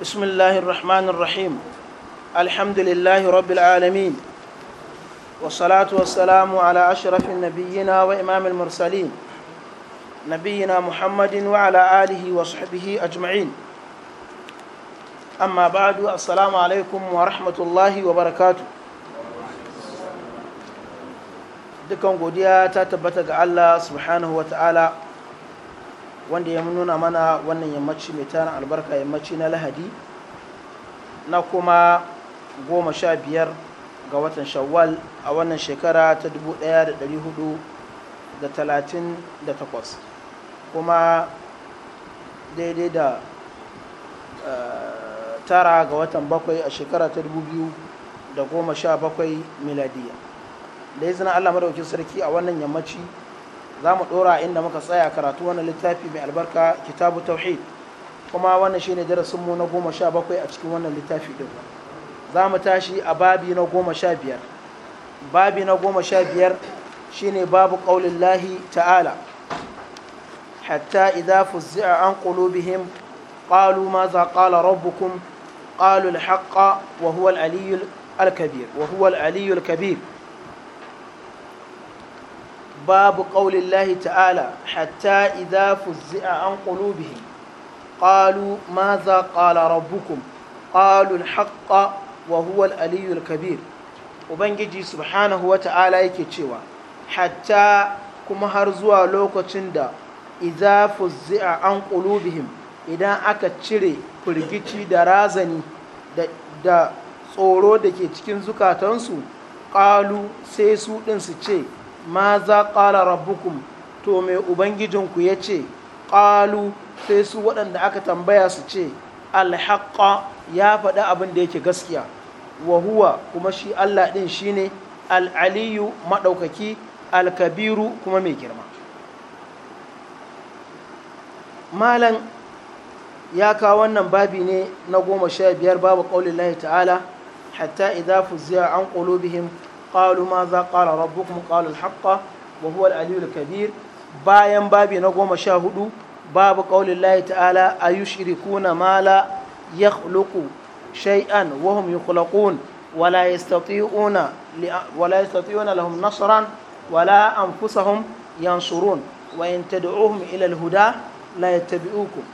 بسم الله الرحمن الرحيم الحمد لله رب العالمين والصلاة والسلام على أشرف النبيين وإمام المرسلين نبينا محمد وعلى آله وصحبه أجمعين أما بعد السلام عليكم ورحمة الله وبركاته دكم قديا تتبتك الله سبحانه وتعالى wanda ya nuna mana wannan yammaci mai tarin albarka yammaci na lahadi na kuma goma sha biyar ga watan shawwal a wannan shekara ta dubu da da da talatin takwas kuma daidai da eh, tara ga watan bakwai a shekara ta dubu biyu da goma sha bakwai miladiya da izinin allah madaukin sarki a wannan yammaci za mu ɗora inda muka tsaya karatu wannan littafi mai albarka kitabu tauhid kuma wannan shine darasin mu na goma sha bakwai a cikin wannan littafi ɗin za mu tashi a babi na goma sha biyar babi na goma sha biyar shine babu ƙaulin lahi ta'ala hatta idza fuzzi'a an qulubihim qalu maza qala rabbukum qalu al-haqqa wa huwa al-aliyyul kabir wa huwa al-aliyyul kabir باب قول الله تعالى حتى إذا فزع عن قلوبهم قالوا ماذا قال ربكم قالوا الحق وهو الألي الكبير وبنجي سبحانه وتعالى يكتشوا حتى كما هرزوا لوكو تندا إذا فزع عن قلوبهم إذا أكتشري firgici درازني دا, da tsoro da ke cikin قالوا سيسو sai su ma za ƙala rabbukum to mai ubangijinku ya ce ƙalu sai su waɗanda aka tambaya su ce alhaƙa ya faɗi abin da yake gaskiya wa huwa kuma shi Allah ɗin shi ne al'aliyu maɗaukaki alkabiru kuma mai girma malam ya kawo wannan babi ne na goma sha biyar babu ƙaunin ta'ala hatta idafu ziyar an qulubihim qalu ma za qala rabbukum qala al-haqq wa huwa al-aliyyul kabir bayan babi na goma sha hudu babu qaulin lahi ta'ala ayushrikuna ma la yakhluqu shay'an wa hum yukhlaqun ولا يستطيعون ولا يستطيعون لهم نصرا ولا أنفسهم ينصرون وإن تدعوهم إلى الهدى لا يتبعوكم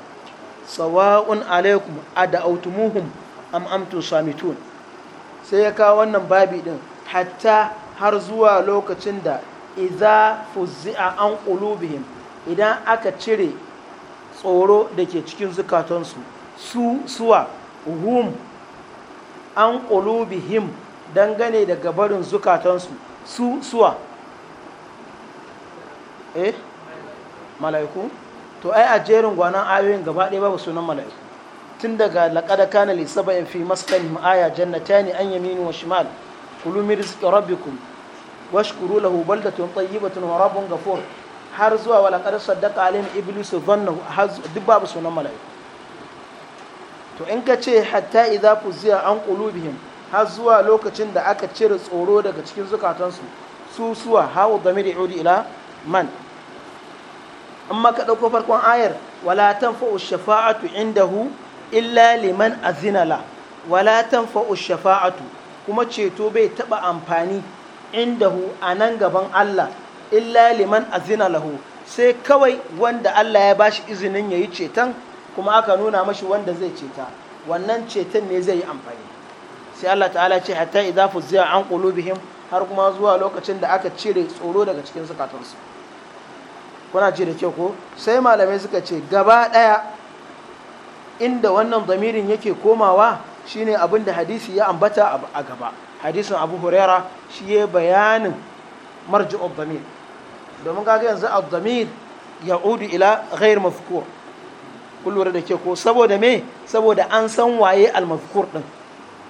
sawa'un alaikum ada'autuhum am amtum samitun sai ya kawo wannan babi din hatta har zuwa lokacin da iza fuzzi'a an qulubihim idan aka cire tsoro da ke cikin zukatansu su suwa hum an qulubihim dangane daga barin zukatansu su suwa eh mala'iku to ai a jerin gwanan ayoyin gaba ɗaya babu sunan mala'iku tun daga laƙada kana lissaba in fi maskan ta ne an yamini wa shimal kulu min rizqi rabbikum washkuru lahu baldatun tayyibatun wa rabbun ghafur har zuwa wala qad saddaqa alaihim iblisu dhannahu duk babu sunan mala'iku to in ka ce hatta idza fuziya an qulubihim har zuwa lokacin da aka cire tsoro daga cikin zukatansu su suwa hawa da udi ila man amma ka ɗauko farkon ayar wala tanfa'u shafa'atu indahu illa liman azina la wala tanfa'u shafa'atu kuma ceto bai taɓa amfani indahu a nan gaban Allah illa liman azina lahu sai kawai wanda Allah ya bashi izinin ya yi ceton kuma aka nuna mashi wanda zai ceta wannan ceton ne zai yi amfani sai Allah ta'ala ce hatta idza fuzza an qulubihim har kuma zuwa lokacin da aka cire tsoro daga cikin katansu. kuna ji da kyau ko sai malamai suka ce gaba daya inda wannan zamirin yake komawa shine abin da hadisi ya ambata a gaba hadisin abu huraira shi ya bayanin marji abdamir domin kaga yanzu abdamir ya udu ila ghair mafkur kun da ke ko saboda me saboda an san waye almafkur din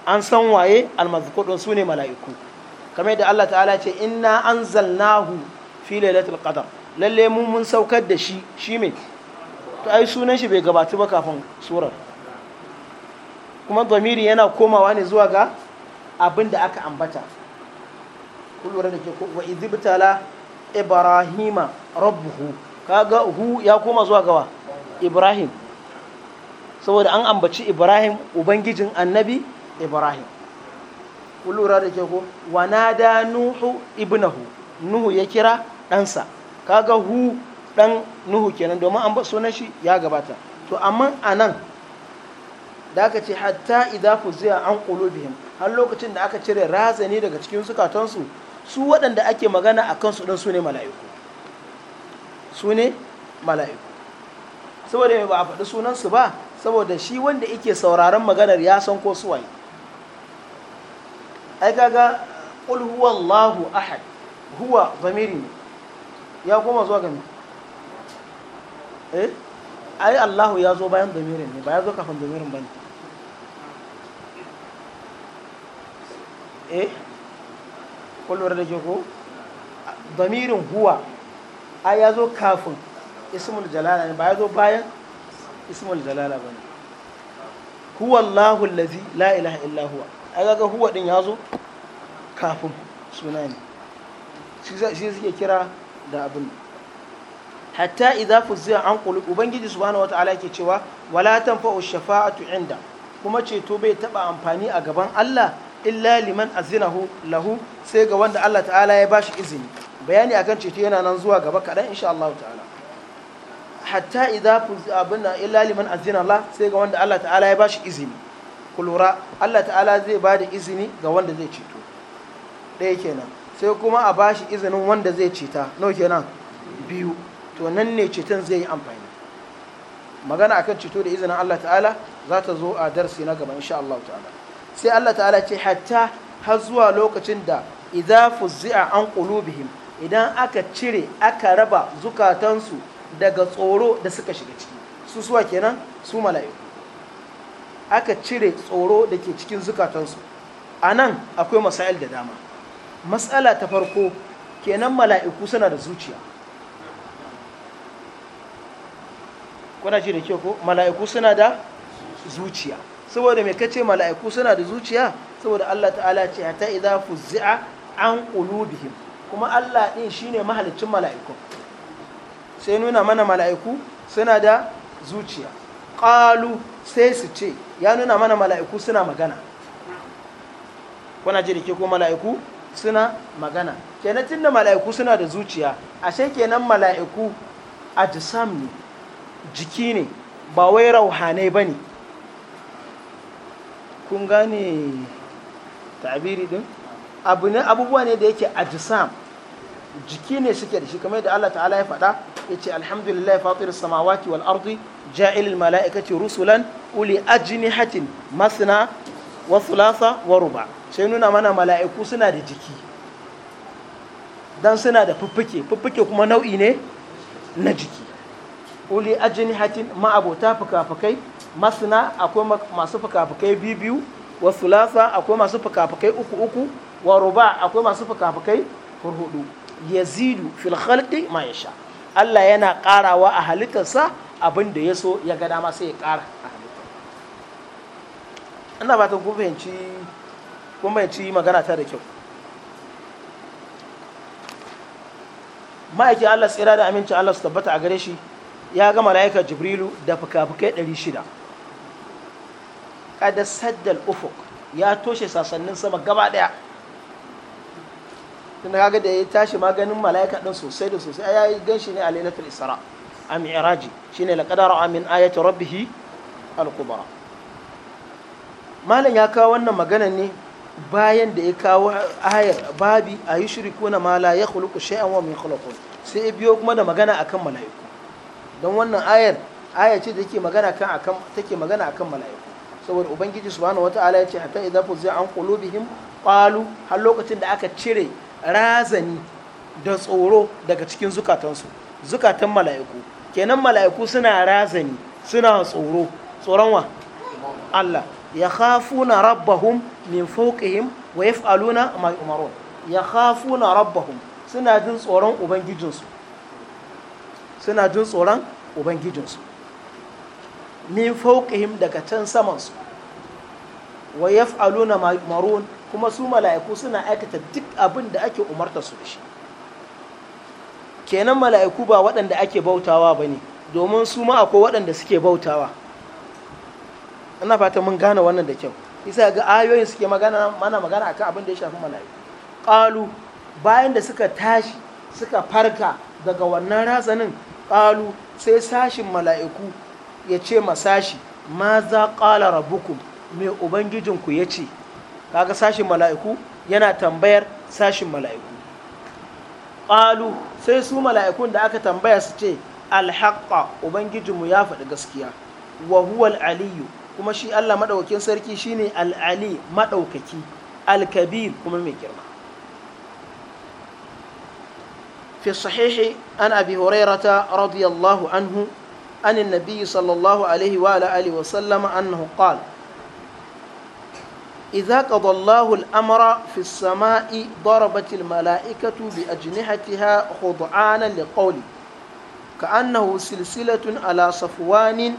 an san waye almafkur din sune mala'iku kamar da Allah ta'ala ce inna anzalnahu fi lailatul qadar lalle mun mun saukar da shi shi me to ai sunan shi bai gabatu ba kafin surar kuma zamiri yana komawa ne zuwa ga abin da aka ambata ku da ke wa idibtala ibrahima rabbuhu kaga hu ya koma zuwa gawa ibrahim saboda an ambaci ibrahim ubangijin annabi ibrahim ku da ke ko wanada nuhu ibnahu nuhu ya kira ɗansa kaga hu ɗan nuhu kenan domin an ba sunan shi ya gabata to amma anan da aka ce hatta idza fuziya an qulubihim har lokacin da aka cire razani daga cikin zukatansu su waɗanda ake magana a kansu ɗin su ne mala'iku su ne mala'iku saboda ba a faɗi sunansu ba saboda shi wanda yake sauraron maganar ya san ko su suwaye ai kaga qul lahu ahad huwa zamiri ne ya koma zuwa ga eh ai allahu ya zo bayan zamirin ne ba ya zo kafin zamirin bane eh kullum da ke ko damirin huwa a ya zo kafin ismul jalala ne ba ya zo bayan ismul jalala ba ne huwa allahu lazi la ilaha illa huwa a ga huwa din ya zo kafin suna ne shi suke kira da abin hatta idza fuzza an qulub ubangiji subhanahu wataala yake cewa wala tanfa'u shafa'atu inda kuma ceto bai taba amfani a gaban Allah illa liman azinahu lahu sai ga wanda Allah ta'ala ya bashi izini bayani akan ceto yana nan zuwa gaba kaɗan insha Allah ta'ala hatta idza abinna illa liman azina Allah sai ga wanda Allah ta'ala ya bashi izini kulura Allah ta'ala zai bada izini ga wanda zai ceto ɗaya kenan sai kuma a bashi izinin wanda zai ceta nawa kenan biyu to nan ne ceton zai yi amfani magana akan ceto da izinin Allah ta'ala za ta zo a darsi na gaba insha Allah ta'ala sai Allah ta'ala ce hatta har zuwa lokacin da idza fuzzi'a an qulubihim idan aka cire aka raba zukatansu daga tsoro da suka shiga ciki su suwa kenan su mala'iku aka cire tsoro da ke cikin zukatansu a nan akwai masail da dama matsala ta farko kenan mala'iku suna da zuciya kuna ji da ke ko mala'iku suna da zuciya saboda mai kace mala'iku suna da zuciya saboda Allah ta'ala ce ta idza fuzi’a an qulubihim kuma Allah ɗin shine mahalicin mala'iku sai nuna mana mala'iku suna da zuciya Ƙalu sai su ce ya nuna mana mala'iku suna magana kuna ji ko mala'iku suna magana kenan da mala'iku suna da zuciya ashe kenan mala'iku ajsam ne jiki ne ba wai rauhanai ne. kun gane ta'abiri din abu ne abubuwa ne da yake ajisam jiki ne suke da shi kamar da Allah ta'ala ya faɗa ya ce alhamdulillah fatir samawati wal ardi ja'ilil mala'ikati rusulan uli ajnihatin masna wa thulatha wa ruba sai nuna mana mala'iku suna da jiki dan suna da fuffuke fuffuke kuma nau'i ne na jiki uli ajnihatin ma abota fuka-fukai Masina akwai masu fukafukai fukai biyu wa sulasa akwai masu fukafukai uku uku wa ruba akwai masu fukafukai hudu hurhudu yazidu fil khalqi ma sha Allah yana karawa a halittarsa abin da ya so ya ga dama sai ya kara a halittar ina fatan kun fahimci magana ta da kyau ma'aikin Allah tsira da aminci Allah su tabbata a gare shi ya ga laika Jibrilu da fukafukai 600 kada saddal ufuk ya toshe sasannin sama gaba daya tun da kaga da ya tashi maganin mala'ika din sosai da sosai ya yi ganshi ne a lailatul isra a mi'raji shine la qadara min ayati rabbih al-kubra malam ya kawo wannan magana ne bayan da ya kawo ayar babi a yi shiriku na mala ya khuluku shay'an wa min khuluqun sai ya biyo kuma da magana akan mala'iku don wannan ayar aya ce da take magana kan akan take magana akan mala'iku saboda ubangiji subhanahu wata'ala ya ce hatta idza fuzza an qulubihim qalu har lokacin da aka cire razani da tsoro daga cikin zukatansu zukatan mala'iku kenan mala'iku suna razani suna tsoro tsoron wa Allah ya khafuna rabbahum min fawqihim wa yaf'aluna ma yu'marun ya khafuna rabbahum suna jin tsoron ubangijinsu suna jin tsoron ubangijinsu min fauƙihim daga can samansu wa yaf'aluna marun kuma su mala'iku suna aikata duk abin da ake umarta su da shi kenan mala'iku ba waɗanda ake bautawa ba ne domin su ma akwai waɗanda suke bautawa ina fata mun gane wannan da kyau isa ga ayoyin suke magana mana magana akan abin da ya shafi mala'iku ƙalu bayan da suka tashi suka farka daga wannan razanin ƙalu sai sashin mala'iku ya ce sashi ma za ƙala rabukum mai ubangijinku ya ce kaga sashin mala'iku yana tambayar sashin mala'iku ƙalu sai su mala'ikun da aka tambaya su ce alhaƙa ubangijinmu ya faɗi gaskiya wa huwal aliyu kuma shi allah maɗaukakin sarki shine al'ali maɗaukaki alkabir kuma mai girma fi sahihi an abi hurairata radiyallahu anhu عن النبي صلى الله عليه وعلى آله وسلم أنه قال إذا قضى الله الأمر في السماء ضربت الملائكة بأجنحتها خضعانا لقولي كأنه سلسلة على صفوان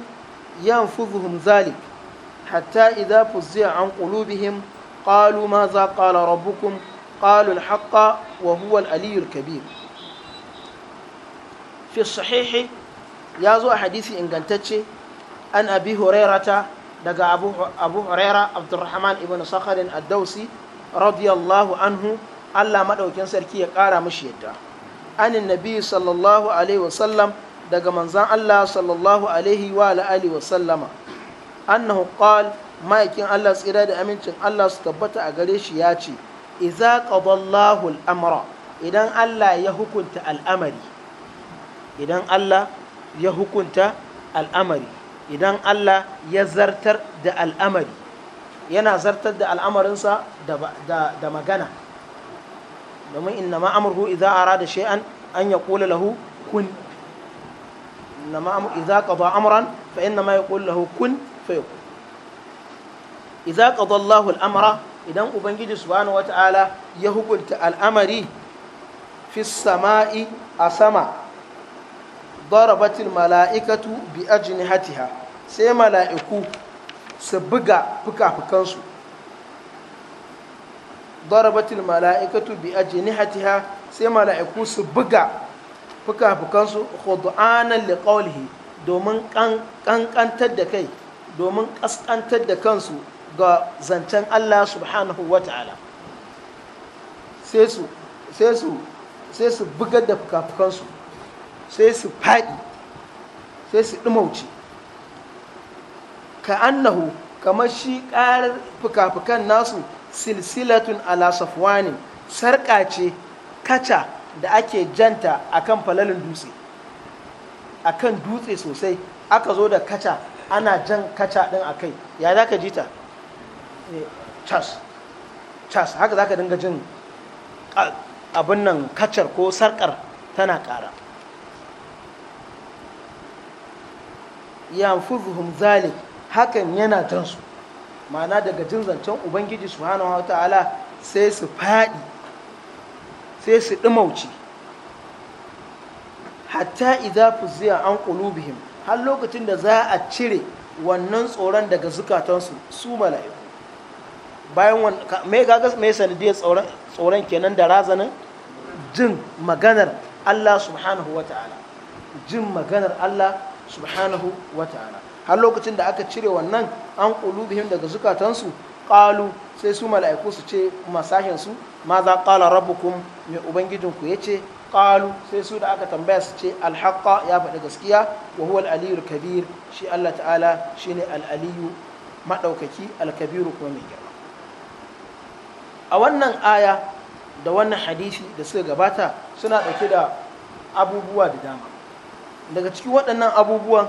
ينفذهم ذلك حتى إذا فزع عن قلوبهم قالوا ماذا قال ربكم قالوا الحق وهو الألي الكبير في الصحيح ya zo a hadisi ingantacce an abi hurairata daga abu, abu huraira abdurrahman ibn sakharin ad-dausi radiyallahu anhu Allah maɗaukin sarki ya ƙara mashi yadda anin nabi sallallahu alaihi wasallam daga manzan Allah sallallahu alaihi wa alihi wasallama annahu qal ma'aikin Allah tsira da amincin Allah su tabbata a gare shi ya ce iza qadallahu al idan Allah ya hukunta al'amari idan Allah ya hukunta al'amari idan Allah ya zartar da al'amari yana zartar da al'amarinsa da magana domin inna ma'amurhu idza da shay'an an ya yaqula lahu kun inna ma'amur idza qada amran fa inna ma yaqulu lahu kun fayakun idza qada Allahu al'amara, idan ubangiji subhanahu wata'ala ya hukunta al'amari fi sama'i a sama darabatil mala'ikatu bi ajnihatiha sai mala'iku su buga fuka-fukansu darabatil mala'ikatu bi ajnihatiha sai mala'iku su buga fuka-fukansu khud'anan liƙaulihi domin ƙanƙantar da kai domin ƙasƙantar da kansu ga zancen Allah subhanahu wa ta'ala sai su bugar da fuka-fukansu sai su faɗi sai su ɗumauci ka annahu kamar shi ƙarar fuka-fukan nasu silsilatun alasafwani sarƙa ce kaca da ake janta akan falalin dutse akan dutse sosai aka zo da kaca ana jan kaca ɗin a kai ya za ka ji ta eh, cas haka za ka dinga jin abin nan kacar ko sarƙar tana ƙara yanfuzuhum zalik hakan yana tansu. ma'ana daga jin zancen ubangiji subhanahu wa ta'ala sai su faɗi sai su ɗumauci hatta idza fuziya an qulubihim har lokacin da za a cire wannan tsoron daga zukatansu su mala'iku bayan mai gagas mai sanadiyar tsoron kenan da razanin jin maganar Allah subhanahu wa ta'ala jin maganar Allah subhanahu wa ta'ala har lokacin da aka cire wannan an qulubihim daga zukatansu qalu sai su mala'iku su ce masahin su ma za qala rabbukum mai ubangijinku yace qalu sai su da aka tambaya su ce alhaqa ya faɗi gaskiya wa huwa al kabir shi Allah ta'ala shine al-aliyyu maɗaukaki al-kabiru kuma mai girma a wannan aya da wannan hadisi da suka gabata suna ɗauke da abubuwa da dama daga cikin waɗannan abubuwan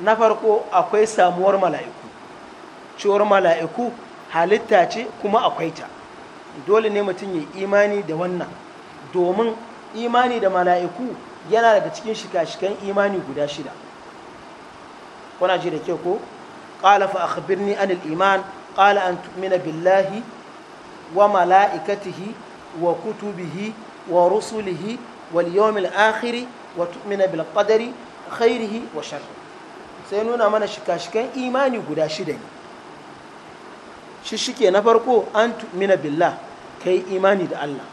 na farko akwai samuwar mala'iku cewar mala'iku halitta ce kuma akwai ta dole ne mutum ya imani da wannan domin imani da mala'iku yana daga cikin shika-shikan imani guda shida kuna ji da ke ko ƙala fa akhbirni anil iman ƙala an tu'mina billahi wa mala'ikatihi wa kutubihi wa rusulihi wal yawmil akhiri wa tu'mina bil qadari khairihi wa sharri sai nuna mana shika-shikan imani guda shida ne shishike na farko an tu'mina billah kai imani da Allah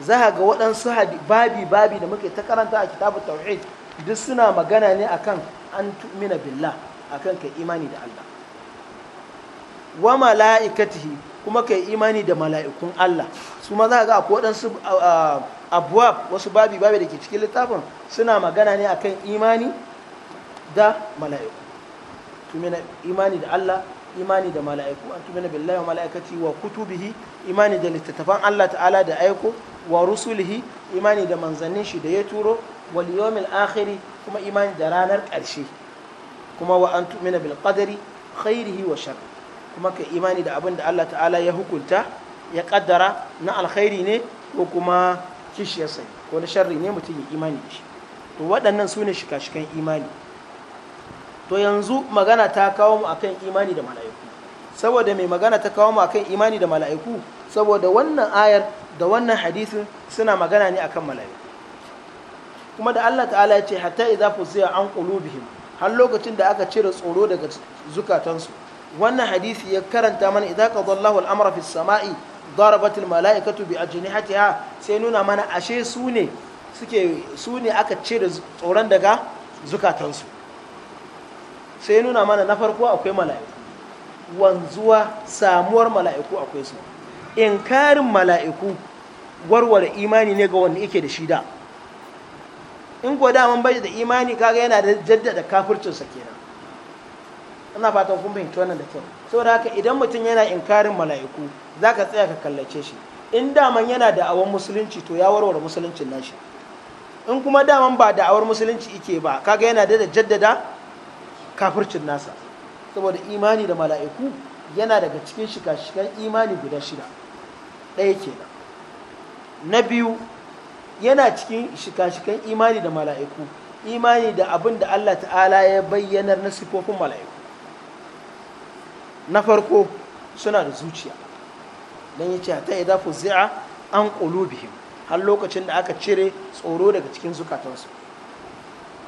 za ga waɗansu babi babi da muke ta karanta a kitabu tauhid duk suna magana ne akan an tu'mina billah akan kai imani da Allah wa mala'ikatihi kuma kai imani da mala'ikun Allah su ma za ga akwai waɗansu abuwab wasu babi babi da ke cikin littafin suna magana ne akan imani da mala'iku tumina imani da Allah imani da mala'iku an tumina billahi wa mala'ikati wa kutubihi imani da littattafan Allah ta'ala da aiko wa rusulihi imani da manzannin shi da ya turo wal yawmil akhiri kuma imani da ranar ƙarshe kuma wa an tumina bil qadari khairihi wa shar kuma ka imani da abin da Allah ta'ala ya hukunta ya kaddara na alkhairi ne ko kuma kishiyarsa ko na sharri ne mutum ya imani da shi to waɗannan su ne shika-shikan imani to yanzu magana ta kawo mu akan imani da mala'iku saboda mai magana ta kawo mu akan imani da mala'iku saboda wannan ayar da wannan hadisin suna magana ne akan mala'iku kuma da Allah ta'ala ya ce hatta idza fuziya an qulubihim har lokacin da aka cire tsoro daga zukatansu wannan hadisi ya karanta mana idza qadallahu al-amra fis sama'i darabatul mala'ikatu bi ajnihatiha sai nuna mana ashe su ne suke su ne aka ce tsoron daga zukatansu sai nuna mana na farko akwai mala'iku wanzuwa samuwar mala'iku akwai su inkarin mala'iku warware imani ne ga wanda yake da shi da in ko daman bai da imani kaga yana da jaddada kafircinsa kenan ina fatan kun fahimci wannan da kyau saboda haka idan mutum yana inkarin mala'iku za ka tsaya ka kallace shi in daman yana da'awar musulunci to ya warware musuluncin nashi in kuma daman ba da'awar musulunci ike ba kaga yana da jaddada kafircin nasa saboda imani da mala'iku yana daga cikin shika-shikan imani guda shida ɗaya kenan na biyu yana cikin shika-shikan imani da mala'iku imani da abin da Allah ta'ala ya bayyanar na sifofin mala'iku na farko suna da zuciya dan ta yi dafu fuzi'a an qulubihim har lokacin da aka cire tsoro daga cikin zukatansu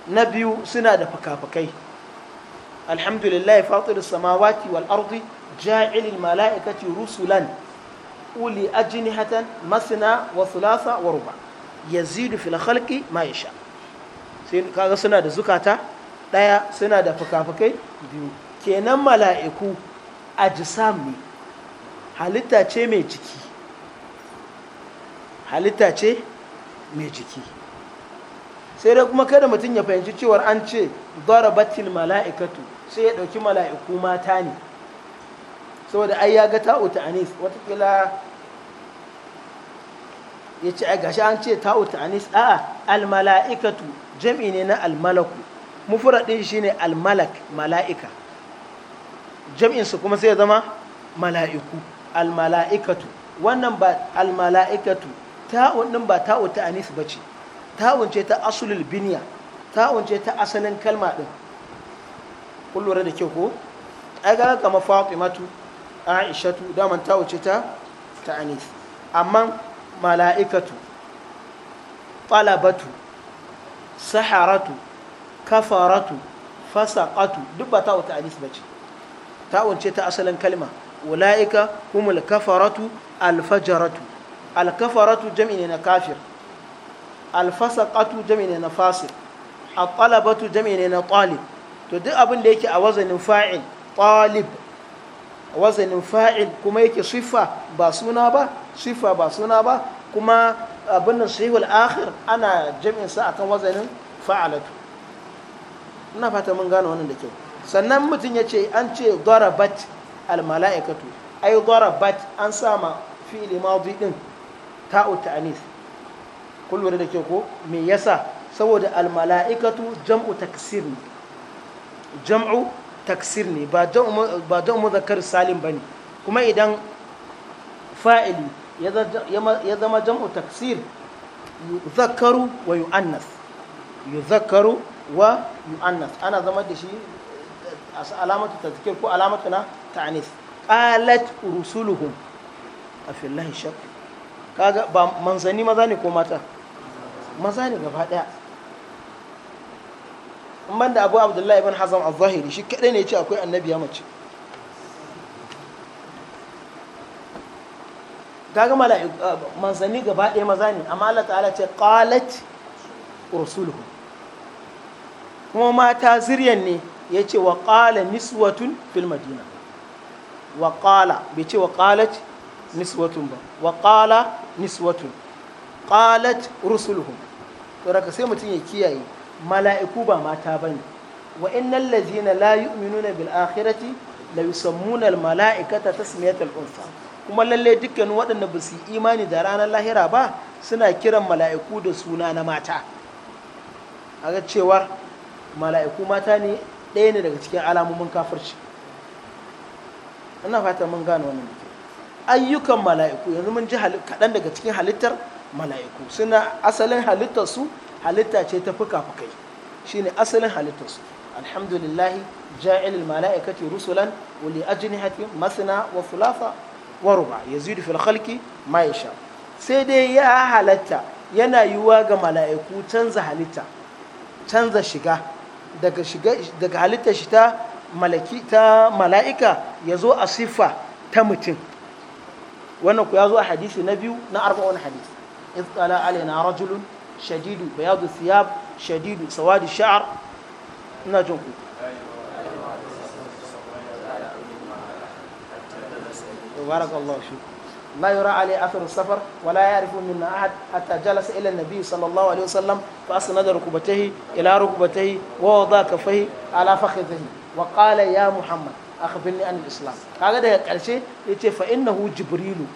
na biyu suna da fakafakai alhamdulillah fatir samawati wal ardi ja'il malaikati rusulan uli ajnihatan masna wa thulatha wa ruba yazidu fil khalqi ma yasha sai kaga suna da zukata daya suna da fakafakai biyu kenan mala'iku ajsam ne halitta ce mai jiki halitta ce mai jiki sai dai kuma kada mutum ya fahimci cewar an ce darabatil mala'ikatu sai ya dauki mala'iku mata ne saboda ai ya ga ta'u ta'anis watakila ya ce a gashi an ce ta'u ta'anis a almala'ikatu jam'i ne na almalaku mufuraɗin shi ne almalak mala'ika jam'insu kuma sai ya zama mala'iku almala'ikatu wannan ba almala'ikatu ta'un din ba ta'u ta anis bace ta'un ce ta asulul biniya ta'un ce ta asalin kalma din kun da kyau ko ai ga kama fatimatu aishatu daman ta'u ce ta ta anis amma mala'ikatu talabatu saharatu kafaratu fasaqatu duk ba ta'u ta anis bace ta'un ce ta asalin kalma ula'ika humul kafaratu alfajaratu alkafaratu jam'i ne na kafir alfasaqatu jam'i ne na fasir at jam'i ne na talib to duk abin da yake a wazanin fa'il ƙwalib a wazanin fa'il kuma yake sifa ba suna ba sifa ba suna ba kuma abin da sahihul akhir ana jam'in sa akan wazanin fa'alatu ina fata mun gane wannan da kyau sannan mutum ya ce an ce darabat almala'ikatu ai darabat an sama fi'li madi din ta'u ta'anis kun lura da ke ko me yasa saboda almala'ikatu jam'u taksir ne jam'u taksir ne ba jam'u muzakkar salim bane kuma idan fa'ili ya zama jam'u taksir yuzakkaru wa yu'annas yuzakkaru wa yu'annas ana zama da shi alamatu tazkir ko alamatu na ta'anis qalat rusuluhum afillahi shak kaga ba manzanni maza ne ko mata maza ne gaba daya man banda abu abdullahi ibn hazam al-zahiri shi kadai ne ce akwai annabi ya mace kaga ah, manzani gaba daya maza ne amma Allah ta'ala ce qalat rusuluhu kuma mata ziryan ne ya ce wa qala niswatun fil madina wa bai ce wa qalat niswatun ba wa qala niswatun qalat to raka sai mutum ya kiyaye mala'iku ba mata ba bane wa innal ladzina la yu'minuna bil akhirati la yi ta mala'ikata simiyatar unsa kuma lalle dukkan waɗanda ba su imani da ranar lahira ba suna kiran mala'iku da suna na mata a ga cewar mala'iku mata ne ɗaya ne daga cikin alamomin kafirci ina fata mun gane wannan dake ayyukan mala'iku yanzu mun ji kaɗan daga cikin halittar mala'iku suna asalin halittar su halitta ce ta fuka-fukai shine asalin halittar su alhamdulillahi ja'il mala'ikati rusulan wa li ajnihati masna wa thulatha wa ruba yazidu fil khalqi ma yasha sai dai ya halatta yana yiwuwa ga mala'iku canza halitta canza shiga daga halittar shi ta malaki ta mala'ika ya zo a siffa ta mutum wannan ku ya zo a hadisi na biyu na arba'un hadis iz qala alaina rajulun shadidu bayadu thiyab shadidu sawadi sha'r ina jin ku barakallahu shi يرى عليه اثر السفر ولا يعرف منا احد حتى جلس الى النبي صلى الله عليه وسلم فاسند ركبتيه الى ركبتيه ووضع كفيه على فخذه Waƙala ya muhammad akhbirni an islam kaga daga karshe ya ce fa'innahu jibrilu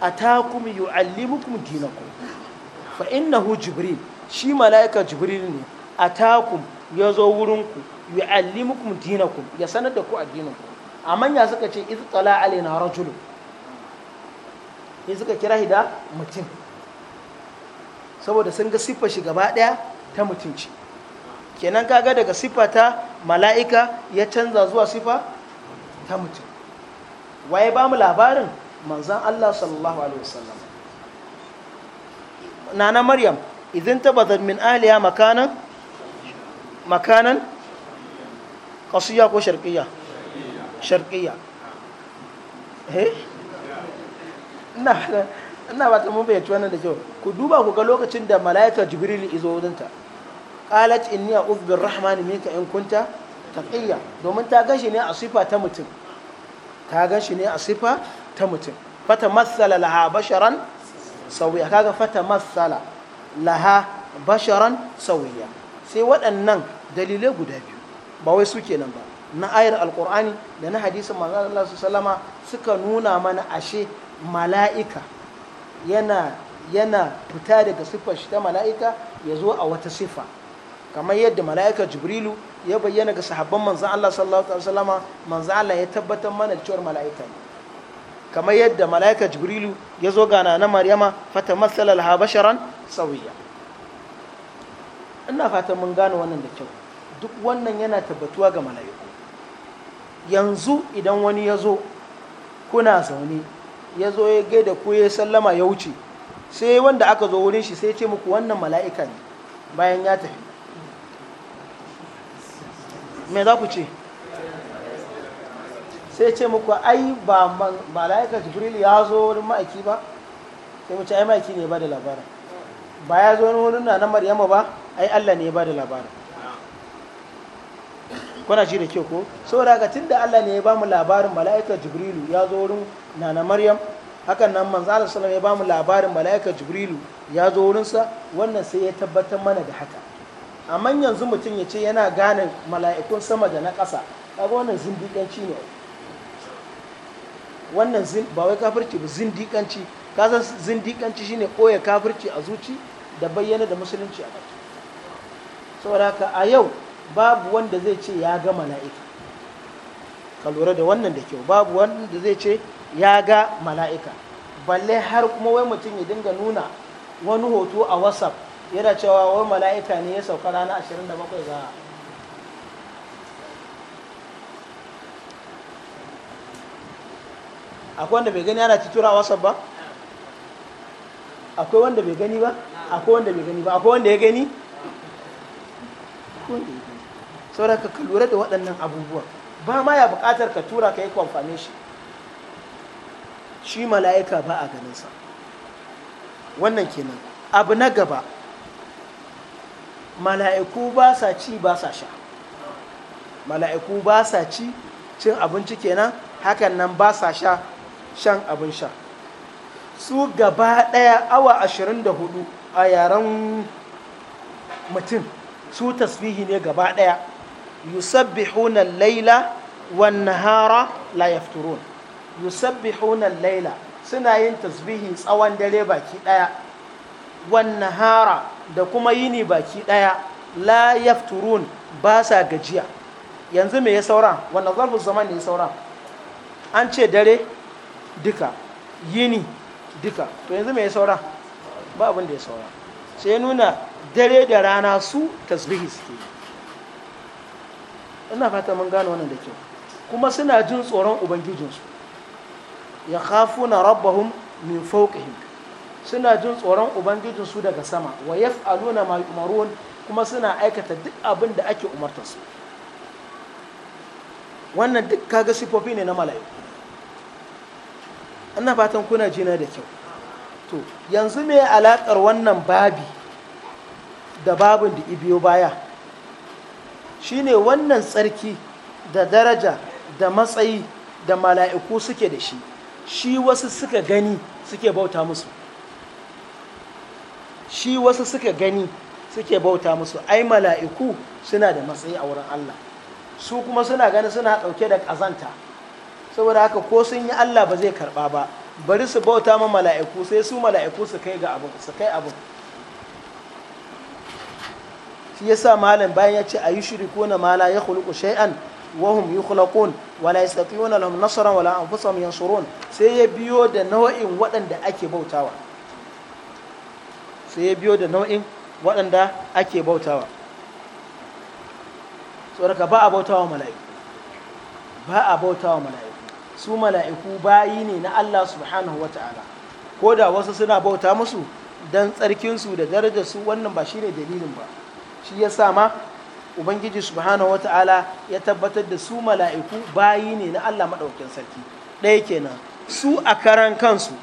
atakum yu'allimukum dinakum fa jibril shi malaika jibril ne atakum ya zo wurinku yu'allimukum dinakum ya sanar da ku ku amma ya suka ce tsala tala na rajulun in suka kira shi da mutum saboda sun ga siffar shi gaba daya ta mutunci kenan kaga daga sifa ta mala'ika ya canza zuwa sifa ta mutum waye ba mu labarin manzan Allah sallallahu alaihi wasallam nana maryam idan tabbatar min aliya makanan makanan kasiya ko sharqiya. sharqiyya eh ina ina ba ta mun bayyace wannan da kyau ku duba ku ga lokacin da mala'ika jibril izo wajen ta qalat inni a'udhu birrahmani minka in kunta taqiyya domin ta ganshi ne a sifa ta mutum ta ganshi ne a sifa ta mutum fata masala laha basharan sauya kaga fata masala laha basharan sai waɗannan dalilai guda biyu ba wai suke nan ba na ayar alkur'ani da na hadisin manzon Allah sallama suka nuna mana ashe mala'ika yana yana fita daga siffar shi ta mala'ika ya zo a wata siffa kamar yadda mala'ika jibrilu ya bayyana ga sahabban manzan Allah sallallahu alaihi wasallam manzan Allah ya tabbatar mana cewar mala'ika ne kamar yadda mala'ika jibrilu ya zo gana na maryama fata laha basharan sauya ina fatan mun gane wannan da kyau duk wannan yana tabbatuwa ga mala'iku yanzu idan wani ya zo kuna zaune ya zo ya gaida ku ya sallama ya wuce sai wanda aka zo wurin shi sai ce muku wannan mala'ika ne bayan ya tafi mai za ku ce sai ce muku ai ba malayaka jibril ya zo wurin ma'aiki ba sai mu ce ai ma'aiki ne ba da labarin ba ya zo wurin na maryama ba ai allah ne ba da labarin kuna shi da kyau ko saboda tun da allah ne ya ba mu labarin malayaka jibrilu ya zo wurin nana maryam hakan nan manzo Allah sallallahu alaihi ya ba mu labarin mala'ika jibrilu ya zo wurinsa wannan sai ya tabbatar mana da haka amma yanzu mutum ya ce yana gane mala'ikun sama da na ƙasa kaga wannan zindiƙanci ne wannan ba wai kafirci ba zindiƙanci kasan zindiƙanci shine koya kafirci a zuci da bayyana da musulunci a baki saboda haka a yau babu wanda zai ce ya ga mala'ika ka lura da wannan da kyau babu wanda zai ce ya ga mala'ika balle har kuma wai mutum ya dinga nuna wani hoto a whatsapp yana cewa wai mala'ika ne ya sauka rana 27 ga akwai wanda bai gani ana titura wasa ba akwai wanda bai gani ba akwai wanda bai gani ba akwai wanda ya gani saboda ka lura da waɗannan abubuwan ba ma ya buƙatar ka tura ka yi kwamfane shi shi mala'ika ba a ganinsa wannan kenan abu na gaba mala'iku ba sa ci ba sa sha mala'iku ba sa ci cin abinci kenan hakan nan ba sa sha shan abin sha su gaba ɗaya awa 24 a yaren mutum su tasbihi ne gaba ɗaya yusabbihuna laila wan nahara la yafturun yusabbihuna laila suna yin tasbihi tsawon dare baki ɗaya wan nahara da kuma yini baki ɗaya la yafturun ba sa gajiya yanzu me ya saura wannan zarfu zaman ne ya saura an ce dare duka yini duka to yanzu me ya saura ba abin da ya saura sai nuna dare da rana su tasbihi suke ina fata mun gane wannan da kyau kuma suna jin tsoron ubangijinsu ya na rabbahum min fawqihim suna jin tsoron ubangijinsu daga sama wa yaf'aluna ma yu'marun kuma suna aikata duk abin da ake umartarsu wannan duk kaga sifofi ne na mala'iku ana fatan kuna jina da kyau to yanzu me alaƙar wannan babi da babin da ibiyo baya shine wannan tsarki da daraja da matsayi da mala'iku suke da shi shi wasu suka gani suke bauta musu shi wasu suka gani suke bauta musu ai mala'iku suna da matsayi a wurin Allah su kuma suna gani suna ɗauke da ƙazanta saboda haka ko sun yi Allah ba zai karɓa ba bari su bauta ma mala'iku sai su mala'iku su kai ga abin su kai abin shi yasa malam bayan ya ce a yi shiriku na mala ya hulku shay'an wahum yukhlaqun wala yastati'una lahum nasran wala anfusahum yansurun sai ya biyo da nau'in waɗanda ake bautawa sai ya biyo da nau'in waɗanda ake bautawa tsoraka ba a bautawa mala'iku ba a bautawa mala'iku su mala'iku bayi ne na Allah subhanahu wa ta'ala ko da wasu suna bauta musu don tsarkinsu da darajarsu wannan ba shi ne dalilin ba shi ya sa ma ubangiji subhanahu wa ta'ala ya tabbatar da su mala'iku bayi ne na Allah maɗaukin sarki ɗaya kenan su a karan kansu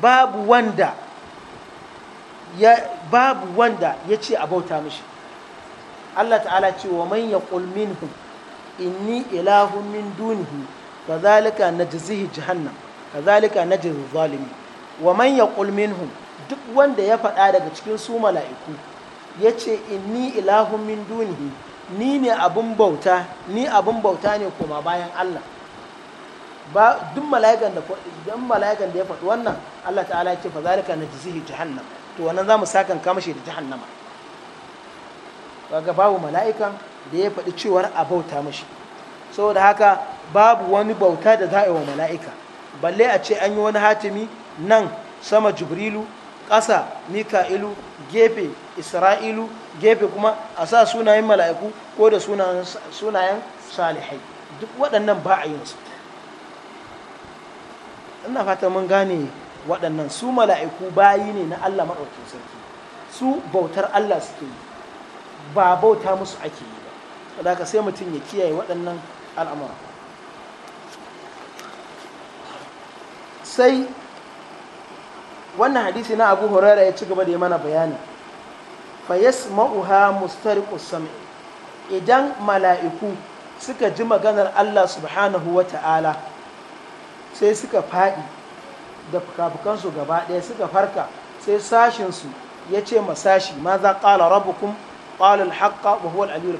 babu wanda ya babu wanda ya ce a bauta mishi Allah ta'ala ce wa man yaqul minhum inni ilahun min dunihi kadhalika najzihi jahannam kadhalika najzi zalimi wa man yaqul minhum duk wanda ya faɗa daga cikin su mala'iku ya ce inni ilahun min dunihi ni ne abin bauta ni abin bauta ne koma bayan Allah ba duk mala'ikan da ya faɗi wannan Allah ta'ala ce fa zalika jizihi jahannam to wannan za mu sakan kama shi da jahannama ga babu mala'ikan da ya faɗi cewar a bauta mashi saboda haka babu wani bauta da za a yi wa mala'ika balle a ce an yi wani hatimi nan sama jibrilu ƙasa mika'ilu gefe isra'ilu gefe kuma a sa sunayen mala'iku ko da sunayen salihai duk waɗannan ba a yin su ina fata mun gane waɗannan su mala'iku bayi ne na Allah maɗauki sarki su bautar Allah suke yi ba bauta musu ake yi ba da ka sai mutum ya kiyaye waɗannan al'amura sai wannan hadisi na abu horara ya ci gaba da yi mana bayani fayas ma'uha mustariqus sami idan mala'iku suka ji maganar Allah subhanahu wa ta'ala sai suka faɗi da fukafukansu gaba ɗaya suka farka sai sashinsu ya ce ma sashi ma za ƙala rabbukum ƙala alhaqqa wa huwa al kabir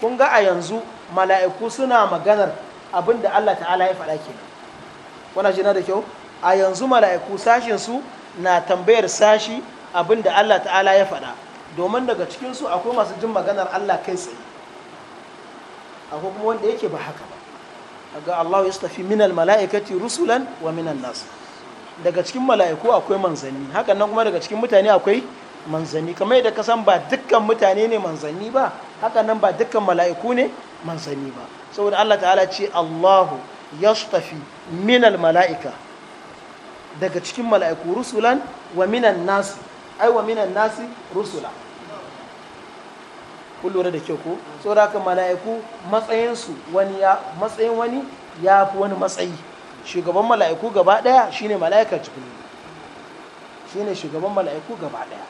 kun ga a yanzu mala'iku suna maganar abin da Allah ta'ala ya faɗa kenan kuna jina da kyau a yanzu mala'iku sashinsu na tambayar sashi abin da Allah ta'ala ya faɗa domin daga cikinsu akwai masu jin maganar Allah kai tsaye akwai kuma wanda yake ba haka ba ga Allah ya stafi minal mala'ikati rusulan wa minan nasu daga cikin mala'iku akwai manzanni hakan nan kuma daga cikin mutane akwai manzanni kamar yadda ka san ba dukkan mutane ne manzanni ba hakan nan ba dukkan mala'iku ne manzanni ba saboda Allah ta'ala ce Allahu yastafi minal mala'ika daga cikin mala'iku rusulan wa minan nasi ai wa minan nasi rusula kun lura da kyau ko saboda haka mala'iku matsayinsu wani matsayin wani ya fi wani matsayi shugaban mala'iku gaba ɗaya daya shine mala'ika shi ne shugaban mala'iku gaba ɗaya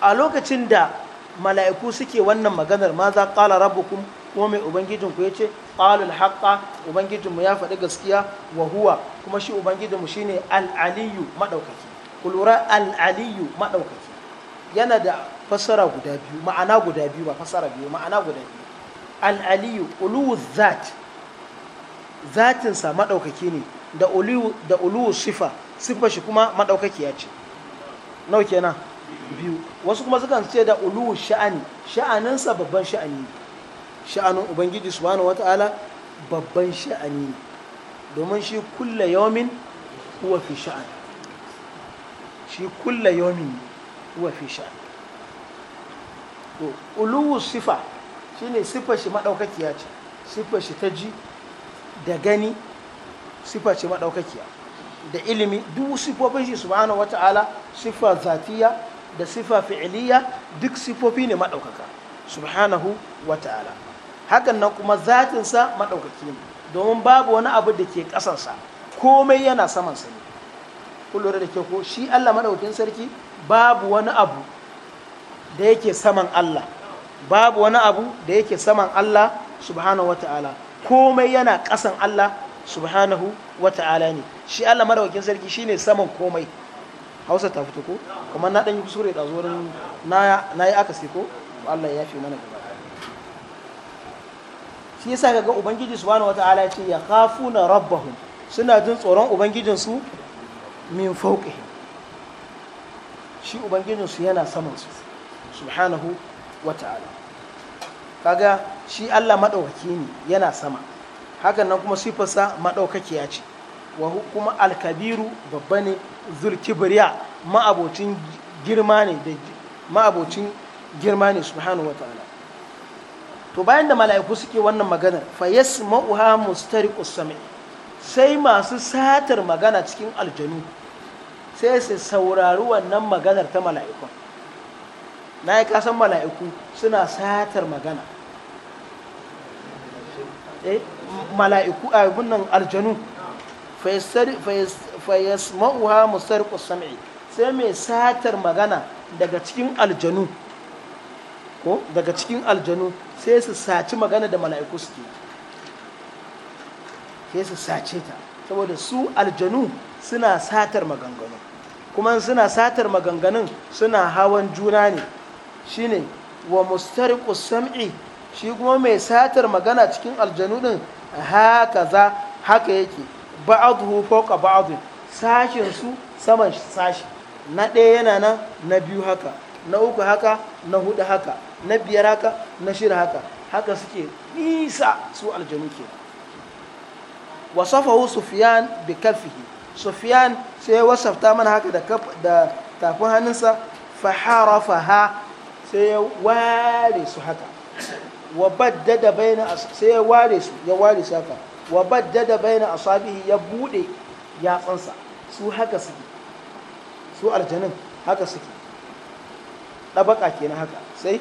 a lokacin da mala'iku suke wannan maganar ma za ƙala rabbukum kuma mai ubangijinku ya ce ƙalul haƙa ubangijinmu ya faɗi gaskiya wa huwa kuma shi ubangijinmu shi ne al'aliyu maɗaukaki kulura al'aliyu maɗaukaki yana da fassara guda biyu ma'ana guda biyu ba fassara biyu ma'ana guda biyu al'aliyu uluwu zat zatinsa maɗaukaki ne da uluwu sifa sifa shi kuma maɗaukakiya ce nau kenan biyu wasu kuma sukan ce da uluwu sha'ani sha'aninsa babban sha'ani ne sha'anin ubangiji subhanahu wata'ala babban sha'ani ne domin shi kulla yawmin huwa fi sha'an shi kulla yawmin huwa fi sha'an to uluwu sifa shine sifa shi maɗaukakiya ce sifa shi ta ji da gani sifa ce maɗaukakiya da ilimi duk sifofin shi subhanahu ta'ala sifa zatiya da sifa fi'iliya duk sifofi ne maɗaukaka subhanahu ta'ala hakan nan kuma zatinsa maɗaukaki ne domin babu wani abu da ke ƙasansa komai yana saman ne kullum da ke ko shi allah maɗaukin sarki babu wani abu da yake saman allah babu wani abu da yake saman allah subhanahu ta'ala. komai yana ƙasan Allah subhanahu wa ta'ala ne shi Allah madawakin sarki shine saman komai hausa ta fito ko kuma na ɗan yi ya ɗazo wurin na yi aka ko Allah ya fi mana gaba shi yasa kaga ubangiji subhanahu ta'ala ce ya na rabbahum suna jin tsoron ubangijinsu min fauqi shi ubangijinsu yana saman su subhanahu wa ta'ala. kaga shi Allah maɗaukaki ne yana sama hakan nan kuma sifarsa ya ce wa kuma alkabiru babba ne zulkibriya ma'abocin girma ne da ma'abocin girma ne subhanahu wa to bayan da mala'iku suke wannan magana fa yasma'uha mustariqus sami sai masu satar magana cikin aljanu sai su saurari wannan maganar ta mala'iku na yi kasan mala'iku suna satar magana Eh, mala'iku eh, a nan aljanu fayas ma'uha musarku sam'i sai mai satar magana daga cikin aljanu ko daga cikin aljanu sai su saci magana da mala'iku suke sai su sace ta saboda su aljanu suna satar maganganu kuma suna satar maganganun suna hawan juna ne shine wa mustariqus sam'i shi kuma mai satar magana cikin aljanu din haka za haka yake ba'adhu fawqa ba'adu, sashin su saman sashi na ɗaya yana nan na biyu haka na uku haka na hudu haka na biyar haka na shida haka haka suke nisa su aljanu ke wasafahu sufyan bi kafihi sufyan sai ya wasafta mana haka da tafin hannunsa fa harafaha sai ya ware su haka wa baddada bayna sai ya ware su ya ware su haka wa baddada bayna asabihi ya bude yatsansa su haka suke su aljanin haka suke ɗabaka kenan haka sai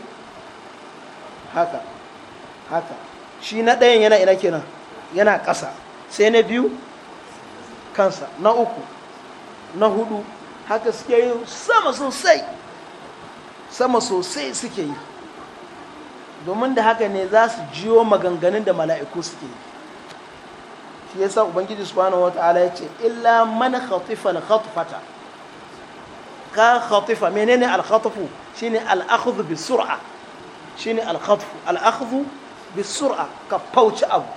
haka haka shi na ɗayan yana ina kenan yana ƙasa sai na biyu kansa na uku na hudu haka suke yi sama sosai sama sosai suke yi domin da haka ne za su jiyo maganganun da mala'iku suke shi yasa ubangiji subhanahu ta'ala ya ce illa mana khatifa na khatfata ka khatifa menene al-khatfu shine al-akhdhu bi sur'a shine al-khatfu al bi sur'a ka fauci abu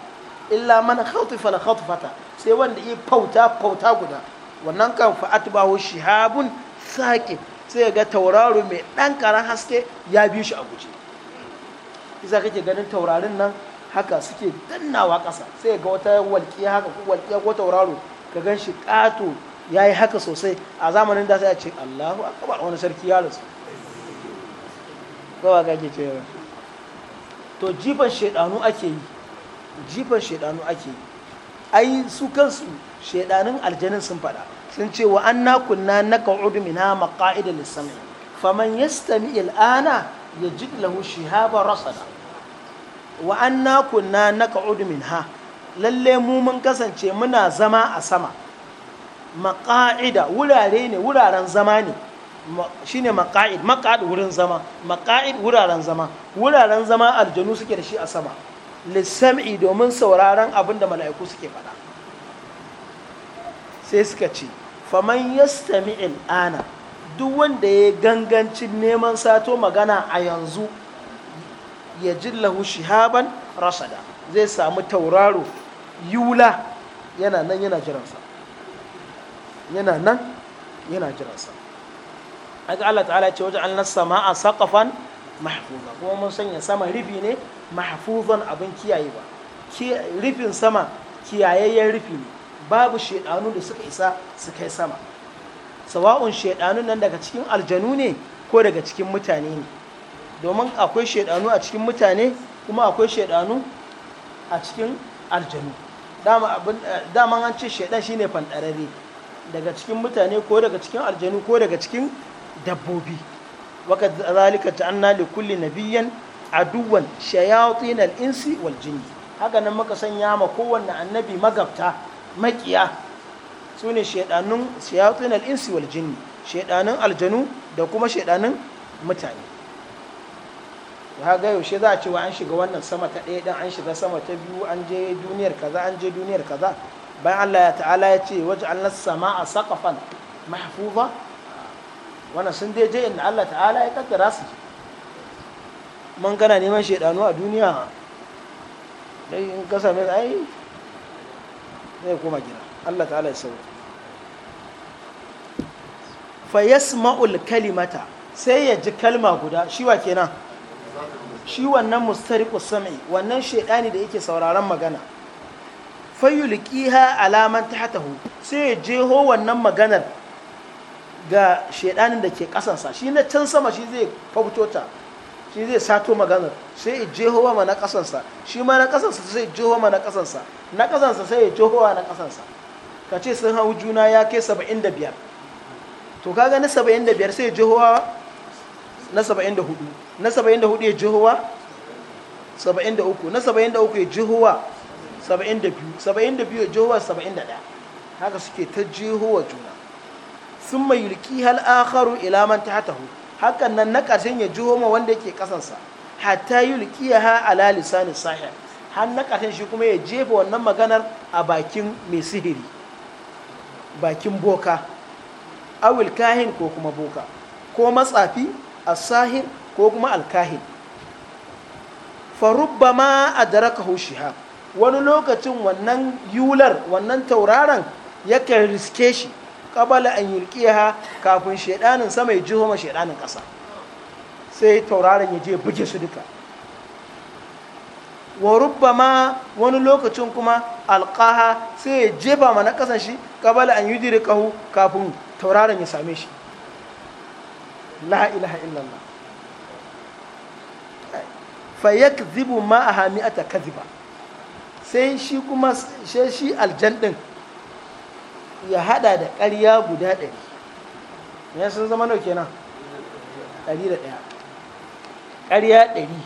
illa mana khatifa na khatfata sai wanda yi fauta fauta guda wannan kan fa atbahu shihabun saqi sai ga tauraro mai ɗan karan haske ya bi shi a guje ka ke ganin taurarin nan haka suke dannawa ƙasa sai ga wata walƙiya haka ko walƙiya ko tauraro ka gan shi ƙato ya yi haka sosai a zamanin da sai a ce allahu akabar wani sarki ya rasu kowa kake ce to jifan shaidanu ake yi jifan shaidanu ake yi ai su kansu shaidanin aljanin sun faɗa sun ce wa anna kunna naq'udu minha maqa'ida lis-sam'i faman yastami al-ana yajid lahu shihaba rasada wa anna kunna naq'udu minha lalle mu mun kasance muna zama a sama maqa'ida wurare ne wuraren zama ne shine maqa'id maqa'id wurin zama maqa'id wuraren zama wuraren zama aljanu suke da shi a sama lissam'i domin sauraron abin da mala'iku suke faɗa sai suka ce faman yastami'il ana duk wanda ya gangancin neman sato magana a yanzu ya jillahu shihaban rasada zai samu tauraro yula yana nan yana jiransa yana nan yana jiransa haka Allah ta'ala ce wajen annas sama'a saqafan mahfuza kuma mun sanya sama rufi ne mahfuzan abin kiyaye ba rufin sama kiyayayyen rufi ne babu shaidanu da suka isa su kai sama sawa'un shaidanun nan daga cikin aljanu ne ko daga cikin mutane ne domin akwai shaidanu a cikin mutane kuma akwai shaidanu a cikin aljanu eh, daman an ce shaidan shine fanɗararre daga cikin mutane ko daga cikin aljanu ko daga cikin dabbobi waka zalika ta'anna li kulli nabiyyan aduwan shayatin al-insi wal jinni haka nan muka sanya ma kowanne annabi magabta makiya sune shaidanun shayatin al-insi wal jinni shaidanun aljanu da kuma shaidanun mutane to ga yaushe za a cewa an shiga wannan sama ta ɗaya ɗin an shiga sama ta biyu an je duniyar kaza an je duniyar kaza bayan Allah ya ta'ala ya ce waje an sama a saƙafan mahfuba. wannan sun dai je inda Allah ta'ala ya kaddara su man gana neman shaidanu a duniya dai in ka same ai zai koma gida Allah ta'ala ya sauke fa yasma'ul kalimata sai ya ji kalma guda shi wa kenan shi wannan mustari sam'i wannan shaidani da yake sauraron magana ha alaman ta hatahu sai ya jeho wannan maganar ga shaidanin da ke kasansa shi na can sama shi zai fafuto shi zai sato maganar sai ya jeho ma na kasansa shi ma na kasansa sai ya jeho ma na kasansa na kasansa sai ya jeho na kasansa ka ce sun hau juna ya kai 75 to kaga na 75 sai ya jeho na 74 na 74 ya jihowa 73 na 73 ya jihowa 72 72 ya jihowa 71 haka suke ta jihowa juna sun mai yulki hal akharu ila man tahtahu hakan nan na karshen ya jiho ma wanda yake kasansa hatta ha ala lisani sahih har na karshen shi kuma ya jefa wannan maganar a bakin mai sihiri bakin boka awil kahin ko kuma boka ko matsafi as-sahir ko kuma al-kahin farubbama adrakahu ha wani lokacin wannan yular wannan tauraron yakan riske shi kabala an ha kafin shaidanin sama ya jiho ma shaidanin ƙasa sai tauraron ya je buge su duka wa rubbama wani lokacin kuma alƙaha sai ya jefa mana ƙasan shi ƙabala an yudiri kafin tauraron ya same shi la ilaha illallah fa yakzibu ma a mi'ata kaziba sai shi kuma sai shi aljan din ya hada da ƙarya guda ɗari ya sun zama nau kenan ɗari da ɗaya ƙarya ɗari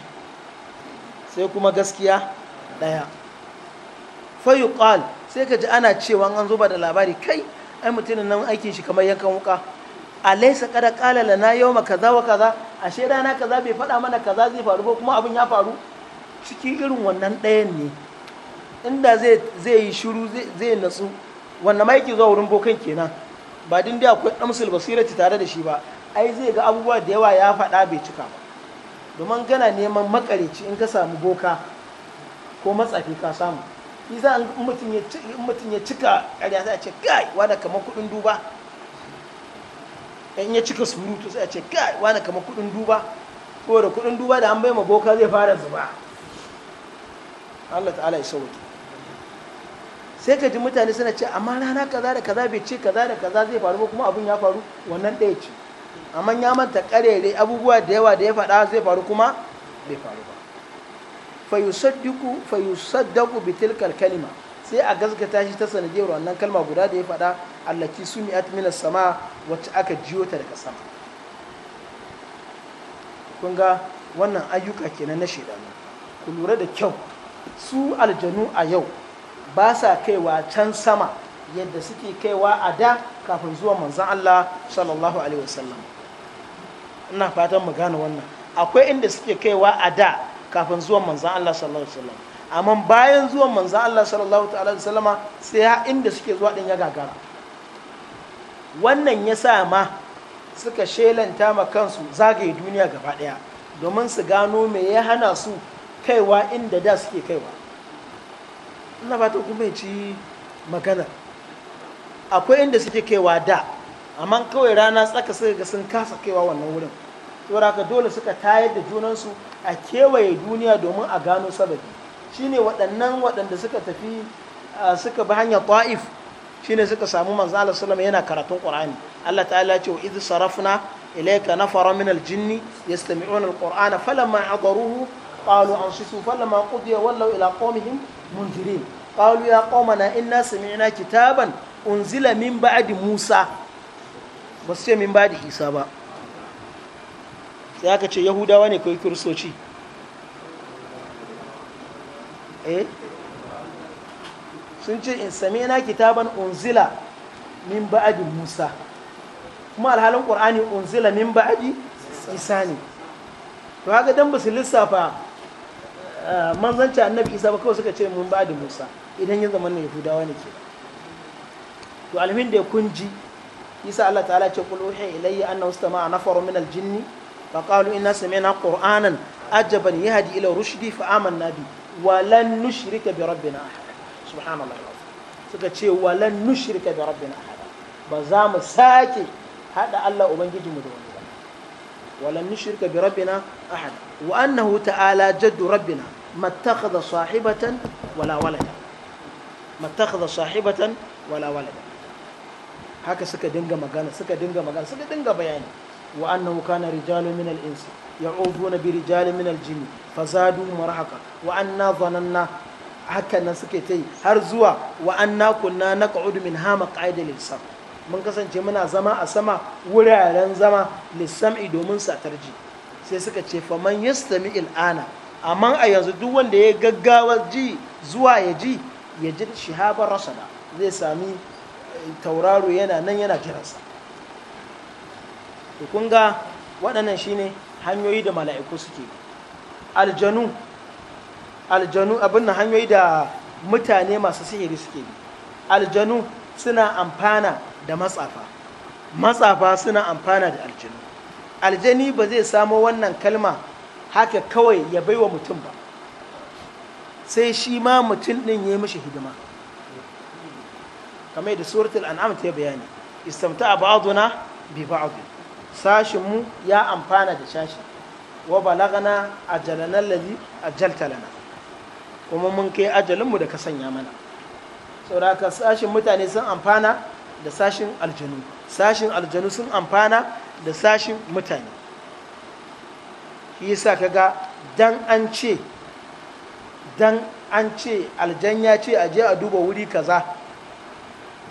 sai kuma gaskiya ɗaya fayu ƙal sai ka ji ana cewa an zuba da labari kai ai mutumin nan aikin shi kamar yankan wuka alaysa kada kalala lana yawma kaza wa kaza ashe rana kaza bai fada mana kaza zai faru ba kuma abin ya faru cikin irin wannan ɗayan ne inda zai zai yi shiru zai natsu wannan ma zuwa wurin bokan kenan ba din dai akwai amsul basirati tare da shi ba ai zai ga abubuwa da yawa ya faɗa bai cika ba domin gana neman makareci in ka samu boka ko matsafi ka samu isa in mutum ya cika ƙarya za a ce kai wada kamar kuɗin duba in ya cika surutu sai a ce kai wani kama kudin duba da kudin duba da an bai ma boka zai fara zuba Allah ta'ala ya sauki sai ka ji mutane suna ce amma rana kaza da kaza bai ce kaza da kaza zai faru kuma abun ya faru wannan ɗaya ce amma ya manta karere abubuwa da yawa da ya faɗa zai faru kuma bai faru ba fa bitilkar fa bi kalima sai a gaskata shi ta sanadiyar wannan kalma guda da ya faɗa allaki mi minas sama wacce aka jiyo ta daga sama kun ga wannan ayyuka kenan na shaidanu ku lura da kyau su aljanu a yau ba sa kaiwa can sama yadda suke kaiwa a da kafin zuwa manzan Allah sallallahu alaihi wasallam ina fatan mu gane wannan akwai inda suke kaiwa a da kafin zuwa manzan Allah sallallahu alaihi wasallam amma bayan zuwan manzan Allah sallallahu ta'ala da sallama sai ya inda suke zuwa ɗin ya gagara wannan ya sa ma suka shelanta ma kansu zagaye duniya gaba ɗaya domin su gano me ya hana su kaiwa inda da suke kaiwa ina ta kuma ci magana akwai inda suke kaiwa da amma kawai rana tsaka suka ga sun kasa kaiwa wannan wurin saboda haka dole suka tayar da junansu a kewaye duniya domin a gano sababi shine waɗannan waɗanda suka tafi suka bi hanyar ta'if shine suka samu manzo Allah sallallahu yana karatun Qur'ani Allah ta'ala ya ce wa idh sarafna ilayka nafara min al-jinni yastami'una al-Qur'ana falamma hadaruhu qalu ansitu falamma qudiya wallaw ila qawmihim munzirin qalu ya qawmana inna sami'na kitaban unzila min ba'di Musa ba su ce min ba'di Isa ba sai aka ce Yahudawa ne kai Kiristoci eh sun ce in same na kitaban unzila min ba'adi musa kuma alhalin ƙur'ani unzila min ba'adi isa ne to haka don ba su lissafa eh, manzanci annabi isa ba kawai suka ce min ba'adi musa idan ya zama na yahudawa ne ke to almin da ya ji isa allah ta'ala ce kul uhiya ilayya annahu istama'a jinni min aljinni na same na sami'na ajabani yi hadi ila rushidi faaman nabi walan nushrika bi rabbina ahada subhanallahi suka ce walan nushrika bi rabbina ahada ba za mu sake hada Allah ubangiji mu da wani ba walan nushrika bi rabbina ahada wa annahu ta'ala jaddu rabbina mattakhadha sahibatan wala walada mattakhadha sahibatan wala walada haka suka dinga magana suka dinga magana suka dinga bayani wa annahu kana rijalun min al-insi يعوذون برجال من الجن فزادوهم رهقا وأنا ظننا haka nan suke ta yi har zuwa wa anna kunna naq'udu min hama qa'ida lissam mun kasance muna zama a sama wuraren zama lissam'i domin satarji sai suka ce faman yastami il'ana amma a yanzu duk wanda ya gaggawa ji zuwa ya ji ya ji shihabar rasada zai sami tauraro yana nan yana jiransa to kun ga waɗannan shine hanyoyi da mala'iku suke aljanu aljanu abin hanyoyi da mutane masu sihiri suke bi aljanu suna amfana da matsafa matsafa suna amfana da aljanu aljani ba zai samo wannan kalma haka kawai ya baiwa mutum ba sai shi ma mutum ɗin ya yi mashi hidima kamar da suratul an'am ta bayani istamta ba'aduna bi sashinmu ya amfana da sashi wa balagana ajalanan lalli ajalta kuma mun kai ajalinmu da ka sanya mana sauraka sashin mutane sun amfana da sashin aljanu sashin aljanu sun amfana da sashin mutane shi yasa kaga dan an ce dan an ce aljan ya ce aje a duba wuri kaza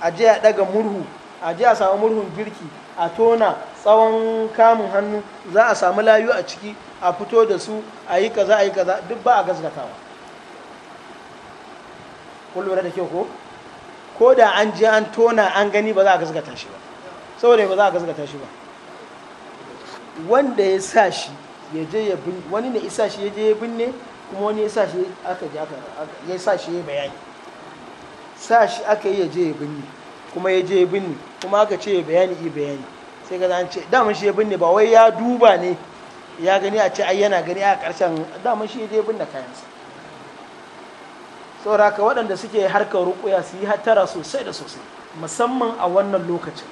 aje a daga murhu aje a samu murhun birki. a tona tsawon kamun hannu za a samu layu a ciki a fito da su a yi kaza a yi kaza duk ba a gazgatawa kullum da kyau ko ko da an je an tona an gani ba za a gazgata shi ba saboda ba za a gazgata shi ba wanda ya sa shi ya je ya bin wani ne isa shi ya je ya binne kuma wani ya sa shi aka je aka ya sa shi ya bayani sa shi aka yi ya je ya binne kuma ya je binni binne kuma aka ce ya bayani i bayani sai ka an ce daman shi ya binne ba wai ya duba ne ya gani a ce ai yana gani a ƙarshen daman shi ya je binne kayansa saboda ka waɗanda suke harkar rukuya su yi hatara sosai da sosai musamman a wannan lokacin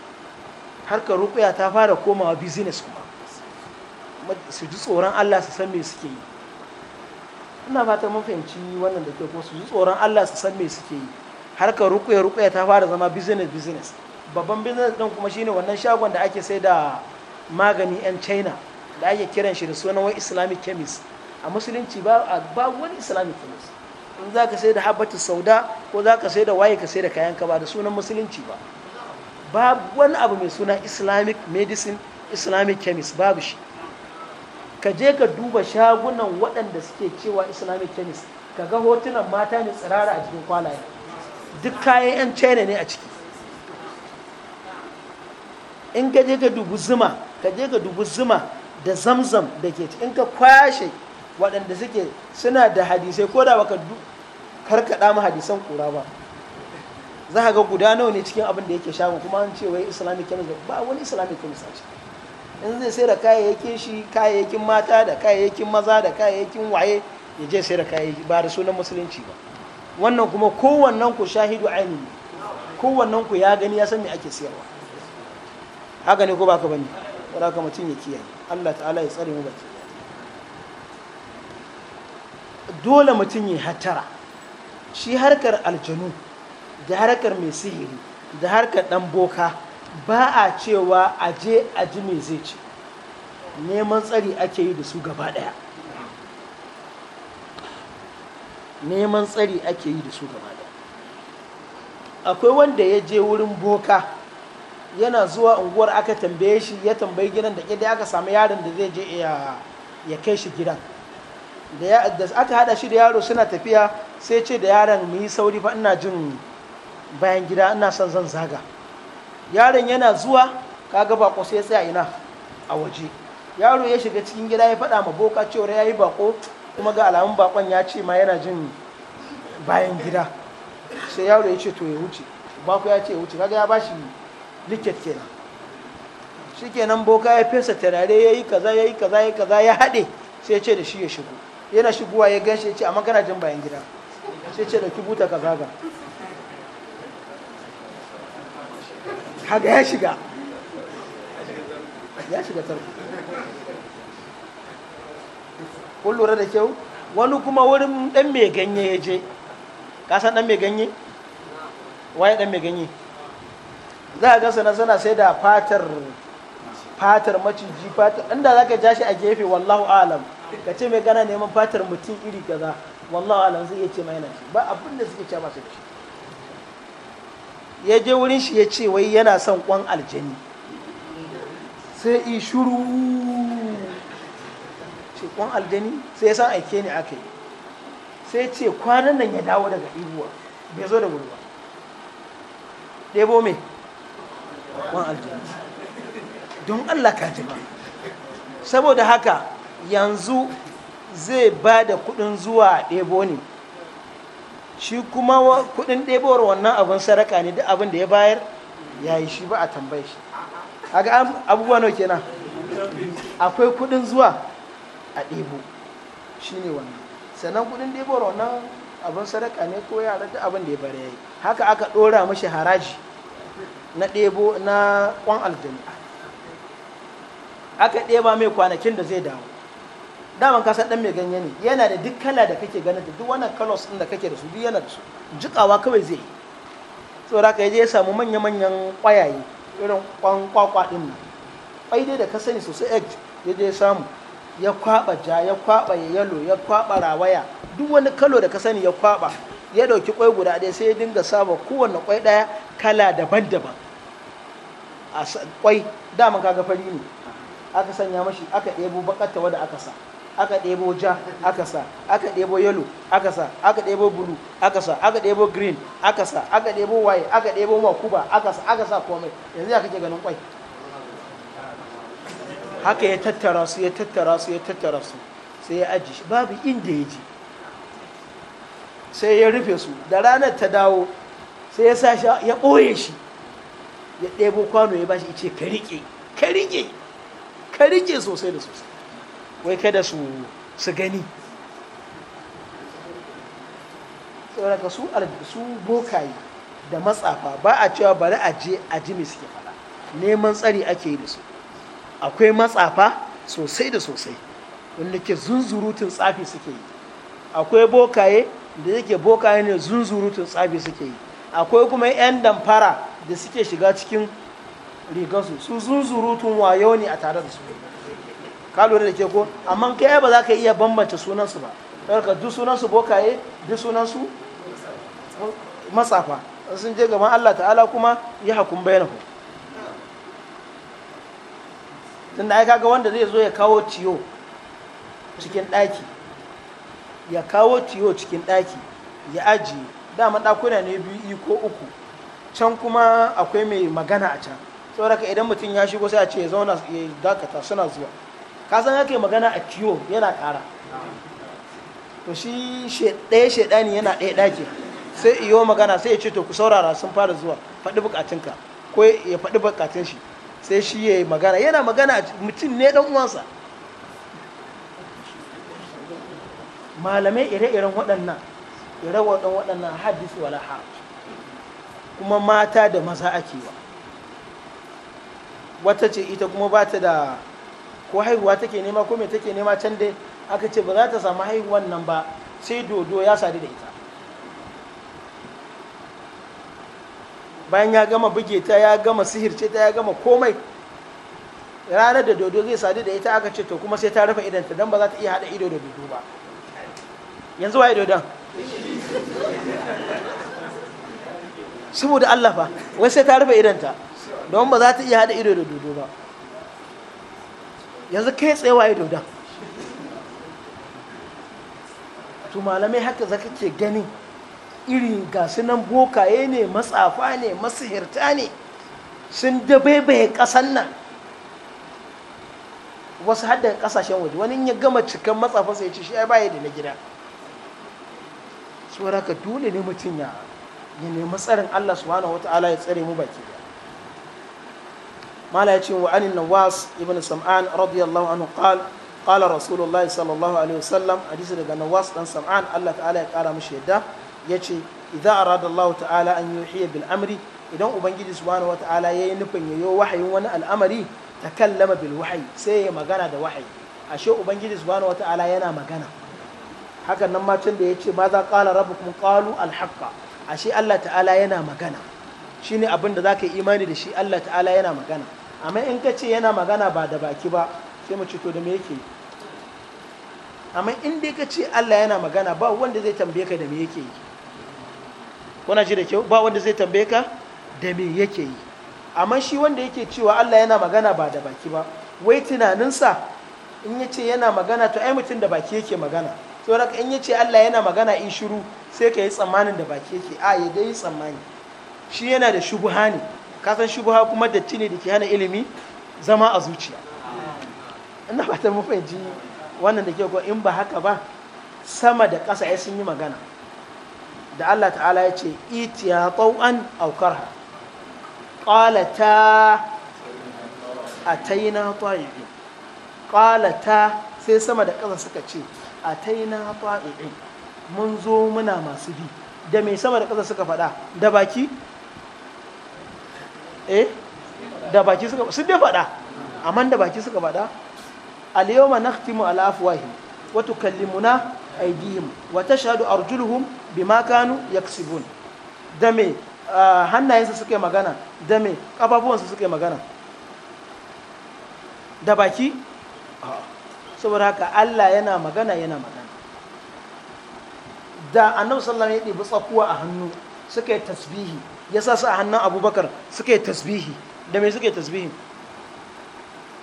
harkar rukuya ta fara komawa business kuma su ji tsoron Allah su san me suke yi ina fata mun fahimci wannan da ke ko su ji tsoron Allah su san me suke yi harkar rukuya rukuya ta fara zama business business babban business din kuma shine wannan shagon da ake sai da magani yan china da ake kiran shi da sunan wai islamic chemist a musulunci ba ba wani islamic chemist in za ka sai da habbatu sauda ko za ka sai da waye ka sai da kayan ka ba da sunan musulunci ba ba wani abu mai suna islamic medicine islamic chemist babu shi ka je ka duba shagunan waɗanda suke cewa islamic chemist ka ga hotunan mata ne tsirara a cikin kwalaye duk kayan 'yan china ne a ciki in ka je ka dubu zuma ka je ka dubu zuma da zamzam da ke in ka kwashe waɗanda suke suna da hadisai ko da baka karkaɗa mu hadisan kura ba za ka ga guda nawa ne cikin abin da yake shagon kuma an ce wai islamic chemist ba wani islamic chemist a ciki in zai sai da kayayyakin shi kayayyakin mata da kayayyakin maza da kayayyakin waye ya je sai da kayayyaki ba da sunan musulunci ba wannan kuma kowannen ku shahidu aini kowannen ku ya gani ya san me ake siyarwa haka ne ko baka bane wanda ka mutum ya kiyaye Allah ta'ala ya tsare mu baki dole mutum ya hatara shi harkar aljanu da harkar mai sihiri da harkar dan boka ba a cewa aje aji me zai ce neman tsari ake yi da su gaba daya neman tsari ake yi da su gaba da akwai wanda ya je wurin boka yana zuwa unguwar aka tambaye shi ya tambayi gidan da ƙidai aka samu yaron da zai je ya kai shi gidan da aka hada shi da yaro suna tafiya sai ce da yaron mu yi sauri fa ina jin bayan gida ina son zan zaga yaron yana zuwa kaga bako sai ya tsaya ina a waje yaro ya shiga cikin gida ya faɗa ma boka cewar ya yi bako kuma ga alamun bakon ya ce ma yana jin bayan gida sai yaro ya ce to ya wuce baku ya ce ya wuce kaga ya bashi liket kenan shikenan boka ya fesa tarare yayi kaza yayi kaza yayi kaza ya haɗe sai ya ce da shi ya shigo yana shigowa ya gashi ya ce amma kana jin bayan gida sai ce da ki buta kaza ga kaga ya shiga ya shiga tarko kun lura da kyau wani kuma wurin dan mai ganye ya je ka san dan mai ganye waye dan mai ganye za a gasa na suna sai da fatar fatar maciji fatar inda za ka ja shi a gefe wallahu alam ka ce mai gana neman fatar mutum iri kaza wallahu alam zai iya ce mai yana ci ba abin da suke ce masu da shi ya je wurin shi ya ce wai yana son kwan aljani sai i shuru kwan aljani sai san aike ne aka yi sai ce kwanan nan ya dawo daga ibuwa bai zo da wuri ba ɗebo me kwan aljani don allah ka ba saboda haka yanzu zai ba da kudin zuwa ɗebo ne shi kuma kudin ɗebowar wannan abin saraka ne duk abin da ya bayar ya yi shi ba a tambaye shi abubuwa nau kenan akwai kudin zuwa a ɗebo shi ne wannan sannan kuɗin ɗebo wannan abin sadaka ne ko yara da abin da ya bari ya yi haka aka ɗora mashi haraji na ɗebo na ƙwan aljami'a aka ɗeba mai kwanakin da zai dawo daman ka san ɗan mai ganye ne yana da duk kala da kake ganin da duk wannan kalos ɗin da kake da su duk yana da su jikawa kawai zai yi saboda ka je ya samu manya-manyan ƙwayaye irin ƙwan kwakwa ɗin nan ƙwai dai da ka sani sosai egg ya je ya samu ya kwaba ja ya kwaba ya yalo ya kwaba rawaya duk wani kalo da ka sani ya kwaba ya dauki kwai guda ɗaya sai ya dinga saba kowanne kwai ɗaya kala daban-daban a kwai dama kaga fari ne aka sanya mashi aka ɗebo bakata wadda aka sa aka ɗebo ja aka sa aka ɗebo yalo aka sa aka ɗebo bulu aka sa aka ɗebo green aka sa aka ɗebo waye aka ɗebo makuba aka sa aka sa komai yanzu ya kake ganin kwai haka ya tattara su ya tattara su ya tattara su sai ya aji babu inda ya ji sai ya rufe su da ranar ta dawo sai ya sa ya ɓoye shi ya ɗebo kwano ya bashi ice ka riƙe ka riƙe ka riƙe sosai da sosai wai kada su su gani tsoraka su su bokaye da matsafa ba a cewa bari a je a ji mai suke faɗa neman tsari ake yi da su akwai matsafa sosai da sosai wanda ke zunzurutun tsafi suke yi akwai bokaye da yake bokaye ne zunzurutun tsafi suke yi akwai kuma 'yan damfara da suke shiga cikin rigarsu su zunzurutun wayo ne a tare da su ka lura da ke ko amma kai ba za ka iya bambanta sunansu ba ɗarka duk sunansu bokaye duk sunansu matsafa sun je gaban allah ta'ala kuma ya hakun bayyana da ya kaga wanda zai zo ya kawo tiyo cikin ɗaki ya kawo tiyo cikin ɗaki ya ajiye dama ɗakuna ne biyu ko uku can kuma akwai mai magana a can sauraka idan mutum ya shigo sai a ce ya zauna ya dakata suna zuwa ka san haka magana a tiyo yana ƙara to shi ɗaya shaɗani yana ɗaya ɗaki sai iyo magana sai ya ce to ku saurara sun fara zuwa faɗi bukatunka ko ya faɗi bukatun shi sai shi ya yi magana yana magana mutum ne dan uwansa malamai ire-iren waɗannan ire waɗannan hadis wala ha kuma mata da maza ake wa wata ce ita kuma ba ta da ko haihuwa take nema ko mai take nema can dai aka ce ba za ta samu haihuwan nan ba sai dodo ya sadu da ita bayan ya gama buge ta ya gama sihirce ta ya gama komai ranar da dodo zai sadu da ita aka ce to kuma sai ta rufe idanta don ba za ta iya haɗa ido da dodo ba yanzu waye dodon saboda Allah fa wai sai ta rufe idanta don ba za ta iya haɗa ido da dodo ba yanzu kai tsaye wa dodon to malamai haka zaka ke ganin irin gasu nan bokaye ne matsafa ne masihirta ne sun dabaibaye ƙasan nan wasu hada kasashen waje wani ya gama cikin matsafansa ya ce shi ai baya da na gida tsoron haka dole ne mutum ya nemi tsarin Allah subhanahu wata'ala ya tsare mu baki da mala ya ce wa anin nawas ibn sam'an radiyallahu anhu qala qala rasulullahi sallallahu alaihi wasallam hadisi daga nawas dan sam'an Allah ta'ala ya kara mishi yadda ya ce idza arada Allah ta'ala an yi bil bilamari idan ubangiji subhanahu wata'ala yayi nufin ya yayo wahayin wani al'amari takallama bil wahyi sai ya magana da wahayi ashe ubangiji subhanahu wata'ala yana magana hakan nan macin da yace ma za qala rabbukum qalu al haqqa ashe Allah ta'ala yana magana shine abin da zaka yi imani da shi Allah ta'ala yana magana amma in ka ce yana magana ba da baki ba sai mu ce to da me yake amma in dai ka ce Allah yana magana ba wanda zai tambaye ka da me yake yi kuna ji da kyau ba wanda zai tambaye ka da me yake yi amma shi wanda yake cewa Allah yana magana ba da baki ba wai tunaninsa in ya ce yana magana to ai mutum da baki yake magana saboda in ya ce Allah yana magana in shiru sai ka yi tsammanin da baki yake a ya dai tsammani shi yana da shubuha ne ka san shubuha kuma datti ne da ke hana ilimi zama a zuciya ina fatan mu fahimci wannan da ke in ba haka ba sama da ƙasa ya sun yi magana da Allah ta'ala ya ce itiya tsawon aukar ha ta a ta yi na ƙala ta sai sama da ƙasa suka ce a ta yi na ta'ibi mun zo muna masu bi da mai sama da ƙasa suka faɗa da baki eh da baki suka su faɗa amma da baki suka faɗa al yawma nakhtimu ala afwahihim وتكلمنا أيديهم وتشهد أرجلهم بما كانوا يكسبون دمي hannayensu suke magana da me ƙafafuwansu suke magana da baki saboda haka Allah yana magana yana magana da annabi sallallahu alaihi wasallam ya ɗibi tsakuwa a hannu suka yi tasbihi ya sa su a hannun abubakar suka yi tasbihi da me suka yi tasbihi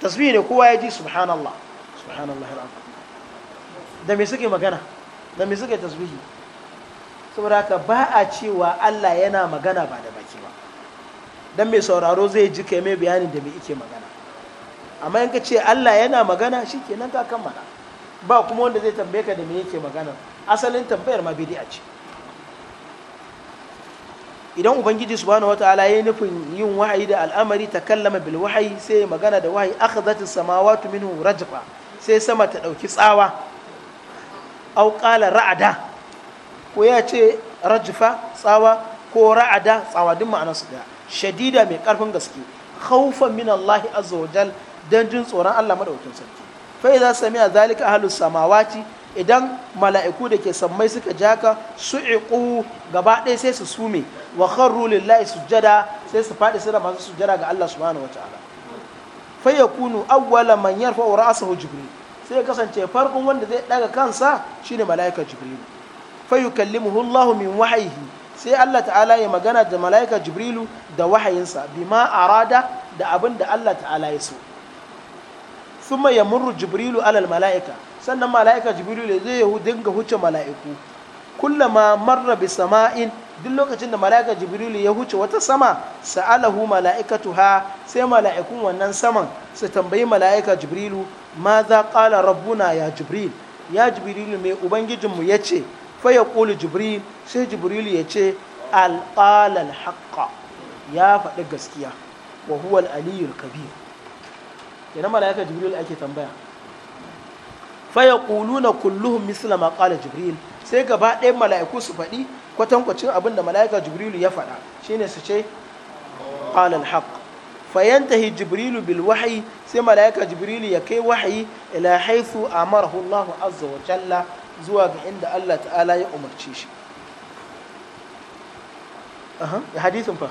tasbihi ne kowa ya ji subhanallah subhanallah alaihi da me suke magana da me suke tasbihi saboda haka ba a cewa Allah yana magana ba da baki ba dan mai sauraro zai ji kai mai bayanin da me yake magana amma in ka ce Allah yana magana shikenan ka kammala ba kuma wanda zai tambaye ka da mai yake magana asalin tambayar ma bidi'a ce idan ubangiji subhanahu wataala ya nufin yin wahayi da al'amari ta kallama bil wahayi sai magana da wahayi akhadhatis samawati minhu rajfa sai sama ta dauki tsawa au ra'ada ko ya ce rajfa tsawa ko ra'ada tsawa duk ma'ana su daya shadida mai ƙarfin gaske khawfan min Allah azza wa jal dan jin tsoron Allah madaukakin sarki fa idza sami'a zalika ahlus samawati idan mala'iku da ke sammai suka jaka su'iqu gaba ɗaya sai su sume wa kharru lillahi sujada sai su faɗi sura masu sujada ga Allah subhanahu wataala fa yakunu awwala man yarfa'u ra'sahu jibril sai kasance farkon wanda zai daga kansa shine mala'ikar jibrilu fa yukallimuhu min wahyihi sai Allah ta'ala ya magana da mala'ikar jibrilu da wahayinsa bima arada da abin da Allah ta'ala ya so thumma yamurru jibrilu alal mala'ika sannan mala'ikar jibrilu zai dinga huce mala'iku kullama marra bi sama'in duk lokacin da mala'ikar jibrilu ya huce wata sama sa'alahu mala'ikatuha sai mala'ikun wannan saman su tambayi mala'ikar jibrilu ma za ƙala rabbuna ya jibril ya jibrilu mai ubangijinmu ya ce faya ƙulu jibril sai jibrilu ya ce alƙalal haƙƙa ya faɗi gaskiya wa huwa aliyul kabir yana mala'ika jibril ake tambaya faya ƙulu na kulluhun misla ma ƙala jibril sai gaba ɗaya mala'iku su faɗi kwatankwacin abin da mala'ika jibrilu ya faɗa shine su ce ƙalal haƙƙa fayantahi jibrilu bil wahayi sai mala'ika jibrilu ya kai wahayi ila haithu amarahu Allah azza wa jalla zuwa ga inda Allah ta'ala ya umarce shi ya hadisin fa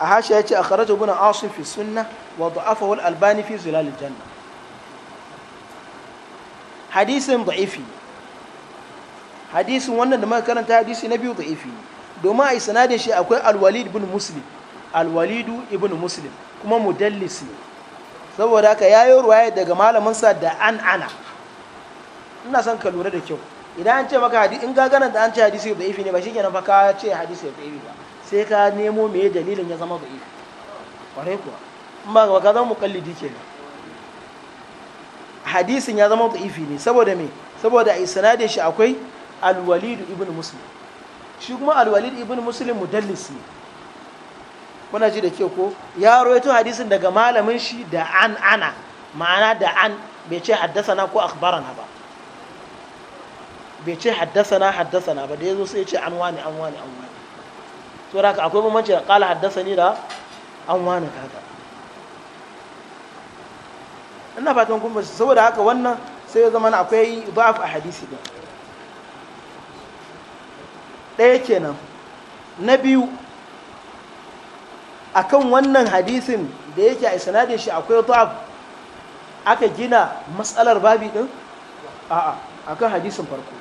a hasha ya ce a kharatu bin asim fi sunna wa da'afahu al-albani fi zilal janna hadisin da'ifi hadisin wannan da muka karanta hadisi na biyu da'ifi domin a sanadin shi akwai alwalid bin muslim alwalidu ibn muslim kuma mudallis ne saboda haka ya yi ruwaya daga malaminsa da an ana ina son ka lura da kyau idan an ce maka hadisi in ga ganin da an ce hadisi da ifi ne ba shikenan fa ka ce hadisi da ifi ba sai ka nemo me dalilin ya zama da ifi kwarai kuwa in ba ka zama mukallidi kenan hadisin ya zama da ifi ne saboda me saboda a isnadin shi akwai alwalid ibn muslim shi kuma alwalid ibn muslim mudallis ne kuna ji da ke ko ya rawaito hadisin daga malamin shi da an ana ma'ana da an bai ce haddasana ko akhbarana ba bai ce haddasana haddasana ba da yazo sai ya ce an wani an wani an wani to haka akwai bambanci da qala haddasani da an wani kaga ina fatan kun bashi saboda haka wannan sai ya zama akwai ba'af a hadisi ba ɗaya kenan na biyu akan wannan hadisin da yake a sanadin shi akwai ta'ab aka gina matsalar babi din a'a akan hadisin farko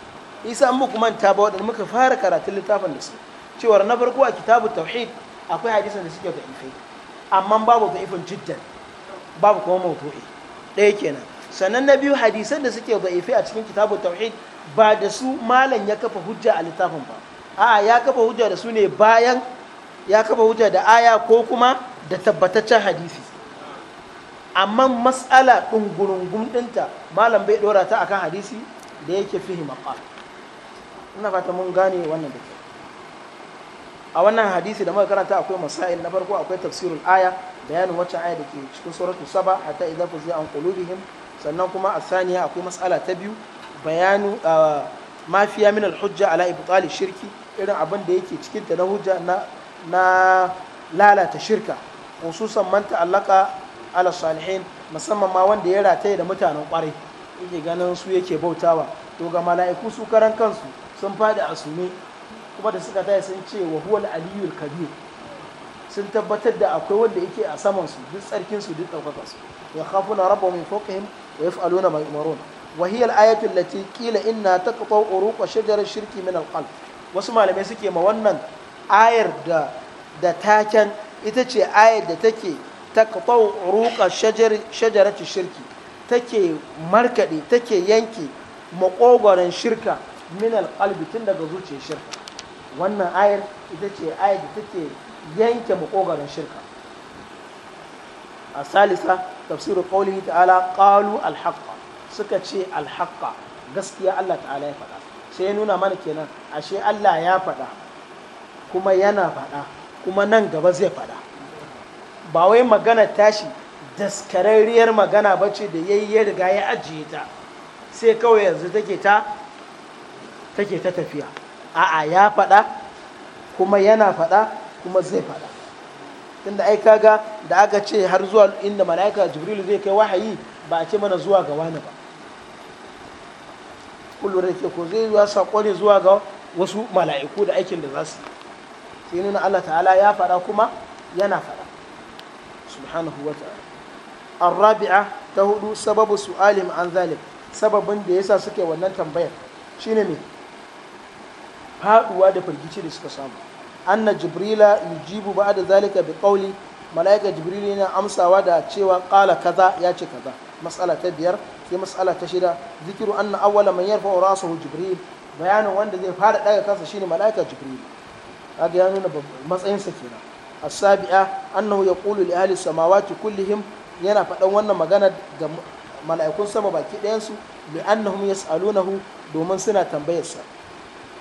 isa an muku manta ba wadanda muka fara karatun littafin da su cewar na farko a kitabu tauhid akwai hadisin da suke da ife amma babu da ifin jiddan babu kuma mawdu'i ɗaya kenan sannan na biyu hadisan da suke da ife a cikin kitabu tauhid ba da su malam ya kafa hujja a littafin ba a'a ya kafa hujja da su ne bayan ya kafa hujja da aya ko kuma da tabbataccen hadisi amma matsala gurungun ɗinta malam bai ɗora ta akan hadisi da yake fihi maqal ina fata mun gane wannan da ke a wannan hadisi da muka karanta akwai masail na farko akwai tafsirul aya bayanin wacce aya da ke cikin suratul saba hatta idza fuzi'a an qulubihim sannan kuma a saniya akwai matsala ta biyu bayanu mafiya min al hujja ala ibtali shirki irin abin da yake cikin ta na hujja na na lalata shirka hususan manta ta'allaka ala salihin musamman ma wanda ya rataye da mutanen kwarai yake ganin su yake bautawa to ga mala'iku su karan kansu sun fadi a sume kuma da suka taya sun ce wa huwal aliyul kabir sun tabbatar da akwai wanda yake a saman su duk tsarkin su duk daukaka su ya khafuna rabbahum min fawqihim wa yaf'aluna ma yumarun wa hiya al-ayatu allati qila inna taqta'u uruqa shajar shirki min al-qalb wasu malamai suke ma wannan ayar da da taken ita ce ayar da take taqtau uruqa shajarati shirki take markade take yanke makogoron shirka min alqalbi tun daga zuciyar shirka wannan ayar ita ce ayar da take yanke makogoron shirka a salisa tafsirin qawlihi ta'ala qalu alhaqqa suka ce alhaqqa gaskiya Allah ta'ala ya faɗa sai ya nuna mana kenan ashe Allah ya faɗa kuma yana faɗa kuma nan gaba zai faɗa ba wai magana tashi daskararriyar magana ba ce da yayi ya riga ya ajiye ta sai kawai yanzu take ta take ta tafiya a'a ya faɗa kuma yana faɗa kuma zai faɗa tunda ai kaga da aka ce har zuwa inda mala'ika jibril zai kai wahayi ba a ce mana zuwa ga wani ba kullum da ke ko zai zuwa saƙo ne zuwa ga wasu mala'iku da aikin da za su yi ya Allah ta'ala ya faɗa kuma yana faɗa subhanahu wa ta'ala arrabi'a ta hudu sababu su'alim an zalim sababin da yasa suke wannan tambayar shine me faduwa da firgici da suka samu anna jibrila yujibu ba'da zalika bi qawli malaika jibril yana amsawa da cewa qala kaza ya ce kaza Matsala ta biyar sai matsala ta shida zikiru anna awwala man yarfa ra'sahu jibril bayanin wanda zai fara daga kansa shine malaika jibril kaga ya nuna sa kenan as-sabi'a annahu yaqulu li ahli samawati kullihim yana faɗan wannan magana ga mala'ikun sama baki ɗayansu li annahum yas'alunahu domin suna sa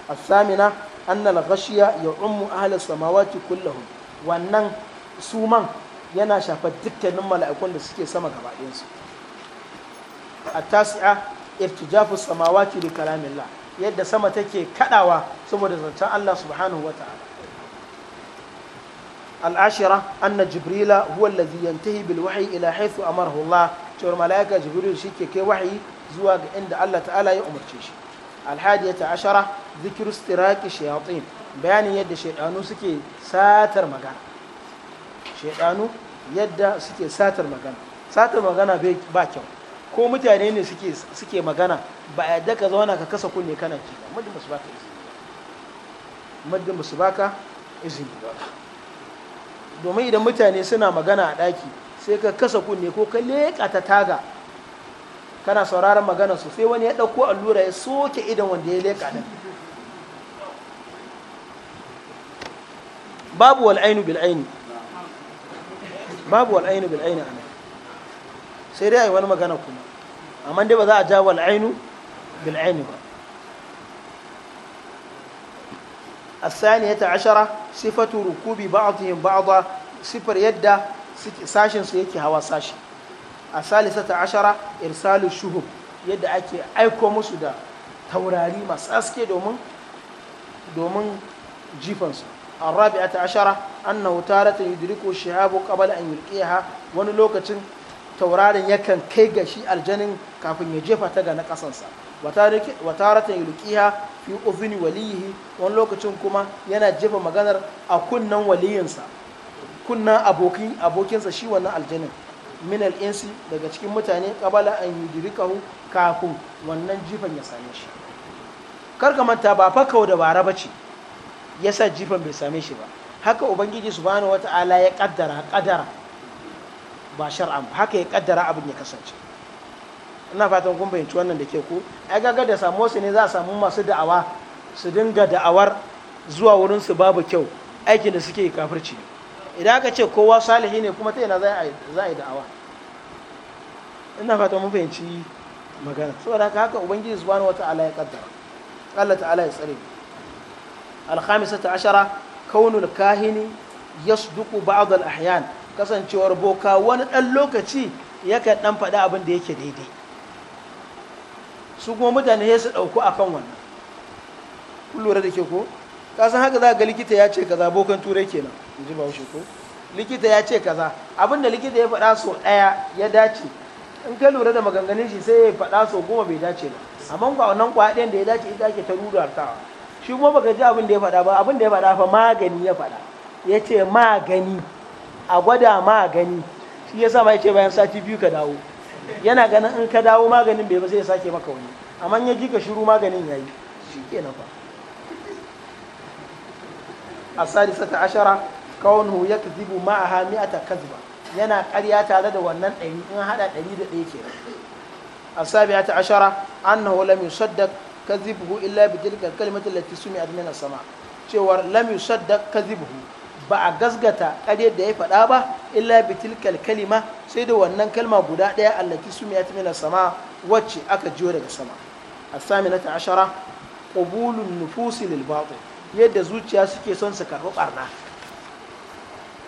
as-samina anna al-ghashiya ya'ummu ahli samawati kullahum wannan suman yana shafar dukkanin mala'ikun da suke sama gaba a at-tasi'a irtijafu samawati bi kalamillah yadda sama take kadawa saboda zancen Allah subhanahu wata'ala al'ashira anna jibrila huwa allazi yantahi bil wahyi ila haythu amarahu Allah cewar malaika jibril shike kai wahyi zuwa ga inda Allah ta'ala ya umarce shi alhadiyata ashara zikru istiraqi shayatin bayanin yadda shaydanu suke satar magana suke satar magana satar magana ba kyau ko mutane ne suke magana ba a yadda ka zauna ka kasa kunne kana ji ba muddin ba su baka izini muddin ba su baka izini ba domin idan mutane suna magana a ɗaki sai ka kasa kunne ko ka leƙa ta taga kana sauraron magana su sai wani ya ɗauko allura ya soke idan wanda ya leƙa nan babu wal'ainu bil'aini babu wal'ainu bil'aini a sai dai a yi wani magana kuma amma dai ba za a ja wal'ainu bil'aini ba الثانية عشرة صفة ركوب بعضهم بعضا صفر يد ساشن سيكي هوا ساشن الثالثة عشرة إرسال الشهب يد أكي أيكو مسودا taurari masu aske domin jifansu الرابعة عشرة أنه تارة يدرك الشهاب قبل أن يلقيها ونلوكة تورار يكن كيغشي الجنن كافن يجيفة تغنى قصنصا wataratan yulqiha fi udhuni walihi wani lokacin kuma yana jefa maganar a kunnan waliyinsa kunnan abokin abokinsa shi wannan aljanin min al-insi daga cikin mutane kabala an yudrikahu kafin wannan jifan ya same shi karka manta ba fakawa da bara bace yasa jifan bai same shi ba haka ubangiji subhanahu wata'ala ya kaddara kadara ba shar'an haka ya kaddara abin ya kasance ina fatan kun bayanci wannan da ke ku ai gaga da samu su ne za a samu masu da'awa su dinga da'awar zuwa wurin su babu kyau aikin da suke kafirci idan aka ce kowa salihi ne kuma ta yana za a yi da'awa ina fatan mun fahimci magana saboda haka haka ubangiji subhanahu ta'ala ya kaddara Allah ta'ala ya tsare al-khamisata ashara kaunul kahini yasduqu ba'd al-ahyan kasancewar boka wani dan lokaci yakan dan faɗi abin da yake daidai su kuma mutane sai su ɗauku akan wannan kun lura da ke ko ka san haka za ga likita ya ce kaza bokan turai kenan in ji bahaushe ko likita ya ce kaza abinda likita ya faɗa so ɗaya ya dace in ka lura da maganganun shi sai ya faɗa so goma bai dace ba amma ba wannan kwaɗin da ya dace ita ake ta rudatawa shi kuma baka ji abin da ya faɗa ba abin da ya faɗa fa magani ya faɗa ya ce magani a gwada magani shi yasa ma ya ce bayan sati biyu ka dawo yana ganin in ka dawo maganin bai ba sai sake maka wani amma ya ji ka shiru maganin yayi shi ke na fa asali sata ashara hu ya ta zibu ma a ba yana karya tare da wannan ɗari in haɗa ɗari da ɗaya ke asali ta ashara an na hula mai sadda ka hu illa bi jirgin kalmatin lati su mai adnina sama cewar lami sadda ka hu. ba a gasgata ƙaryar da ya faɗa ba illa bitilkal kalima sai da wannan kalma guda ɗaya allaki ya min sama wacce aka jiyo daga sama asaminata ashara qabulun nufusi lil batil yadda zuciya suke son su karɓi barna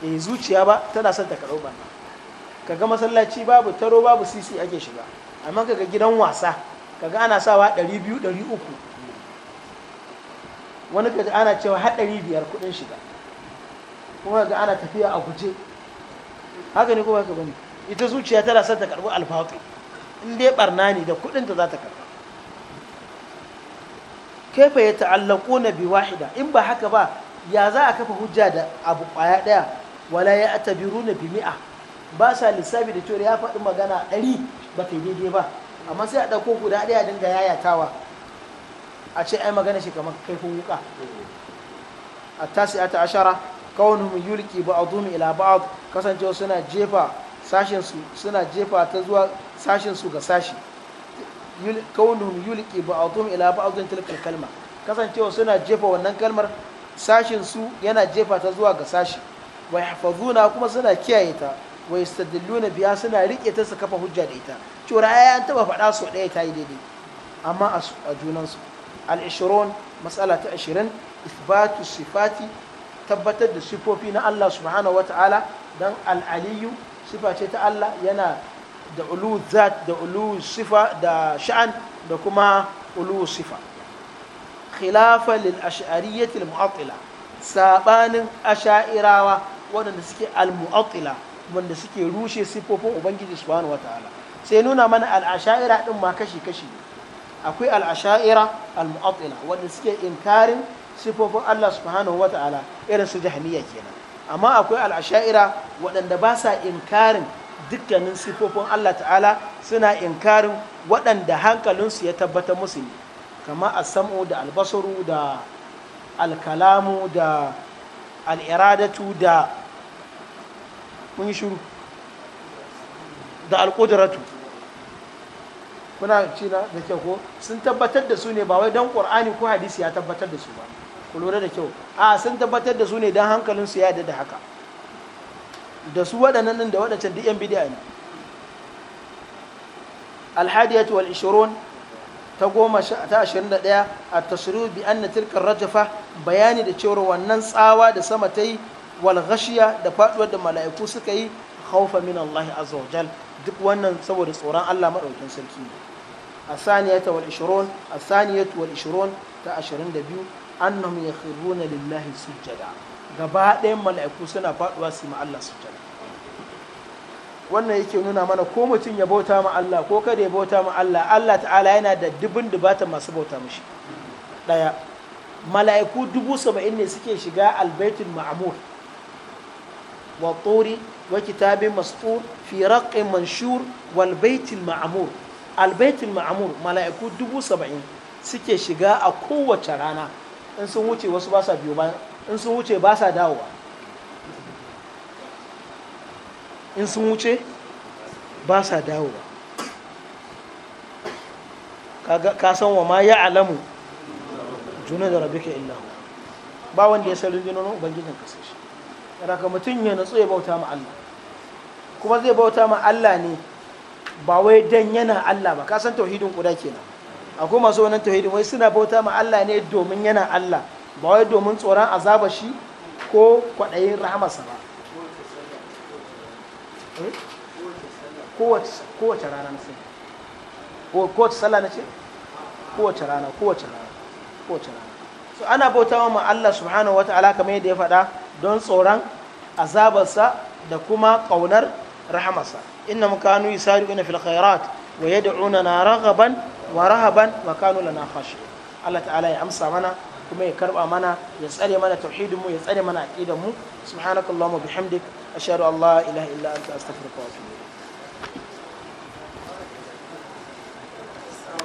e eh, zuciya ba tana son ta karɓi barna kaga masallaci babu taro babu sisi ake shiga amma kaga gidan wasa kaga ana sawa 200 uku. wani kaji ana cewa har biyar kuɗin shiga kuma ga ana tafiya a guje haka ne kuma haka bane ita zuciya tana son ta karbi alfaqi in dai barna ne da kudin ta za ta karba kaifa ya ta'allaquna bi wahida in ba haka ba ya za a kafa hujja da abu kwaya daya wala ya atabiruna bi mi'a ba sa lissafi da cewa ya faɗi magana ɗari ba ta daidai ba amma sai a ɗauko guda ɗaya dinga yayatawa a ce ai magana shi kamar kaifin wuka a tasi ta ashara kaunuhum yulki ba'dhum ila ba'd kasancewa suna jefa sashin su suna jefa ta zuwa sashin su ga sashi kaunuhum yulki ba'dhum ila ba'd tilkal kalma kasancewa suna jefa wannan kalmar sashin su yana jefa ta zuwa ga sashi wa yahfazuna kuma suna kiyaye ta wa yastadilluna biya suna rike ta su kafa hujja da ita cewa ai an taba faɗa so ɗaya ta yi daidai amma a junansu. su al-20 mas'ala ta 20 ithbatu sifati tabbatar da sifofi na Allah subhanahu wata'ala dan al'aliyu sifa ce ta Allah yana da ulu zat da ulu sifa da sha'an da kuma ulu sifa khilafa lil ash'ariyyati al mu'attila sabanin asha'irawa waɗanda suke al mu'attila wanda suke rushe sifofin ubangiji subhanahu wata'ala sai nuna mana al asha'ira din ma kashi kashi akwai al asha'ira al mu'attila wanda suke inkarin sifofin Allah subhanahu wa ta'ala irin su jahmiya kenan amma akwai al'ashaira waɗanda ba sa inkarin dukkanin sifofin Allah ta'ala suna inkarin waɗanda hankalinsu ya tabbatar musu ne kama asamu da albasaru da alkalamu da al'iradatu da shuru da alƙudaratu kuna cina da kyau ko sun tabbatar da su ne ba wai don ƙur'ani ko hadisi ya tabbatar da su ba lura da kyau a sun tabbatar da su ne don hankalin su ya da haka da su waɗannan din da waɗancan duk yan bidiya ne alhadiyatu wal ishirun ta goma ta ashirin da ɗaya a tasiru bi anna tilkar rajafa bayani da cewar wannan tsawa da sama ta yi wal gashiya da faɗuwar da mala'iku suka yi haufa min Allah azza jal duk wannan saboda tsoron Allah maɗaukin sarki ne saniyatu wal الثانية ta ashirin da biyu. annahum lillahi sujjada gaba ɗayan mala'iku suna faduwa su ma Allah sujjada wannan yake nuna mana ko mutum ya bauta ma Allah ko kada ya bauta ma Allah Allah ta'ala yana da dubin dubata masu bauta mishi daya mala'iku dubu saba'in ne suke shiga albaitul ma'amur wa turi wa kitabin mastur fi manshur wal baitul ma'amur albaitul ma'amur mala'iku dubu saba'in suke shiga a kowace rana in sun wuce wasu ba sa biyo ba in sun wuce ba sa dawowa in sun wuce ba sa dawowa ka san wa ma ya alamu juna da rabi ka illa ba wanda ya sarin jinonu ubangijin kasar shi raka mutum ya natsu ya bauta ma Allah kuma zai bauta ma Allah ne ba wai dan yana Allah ba ka san tauhidin kuda kenan akwai masu wannan tauhidin wai suna bauta ma Allah ne domin yana Allah ba wai domin tsoron azaba shi ko kwaɗayin rahamarsa ba eh? kowace rana na sai kowace sallah na ce kowace rana kowace rana kowace rana so ana bauta ma Allah subhanahu wata'ala kamar yadda ya faɗa don tsoron azabarsa da kuma ƙaunar rahamarsa inna kanu yusari'una fil khairat wa yad'una na raghaban wa rahaban wa kanu lana khashi Allah ta'ala ya amsa mana kuma ya karba mana ya tsare mana tauhidin mu ya tsare mana aqidan mu subhanakallahumma bihamdik ashhadu an la ilaha illa anta astaghfiruka wa atubu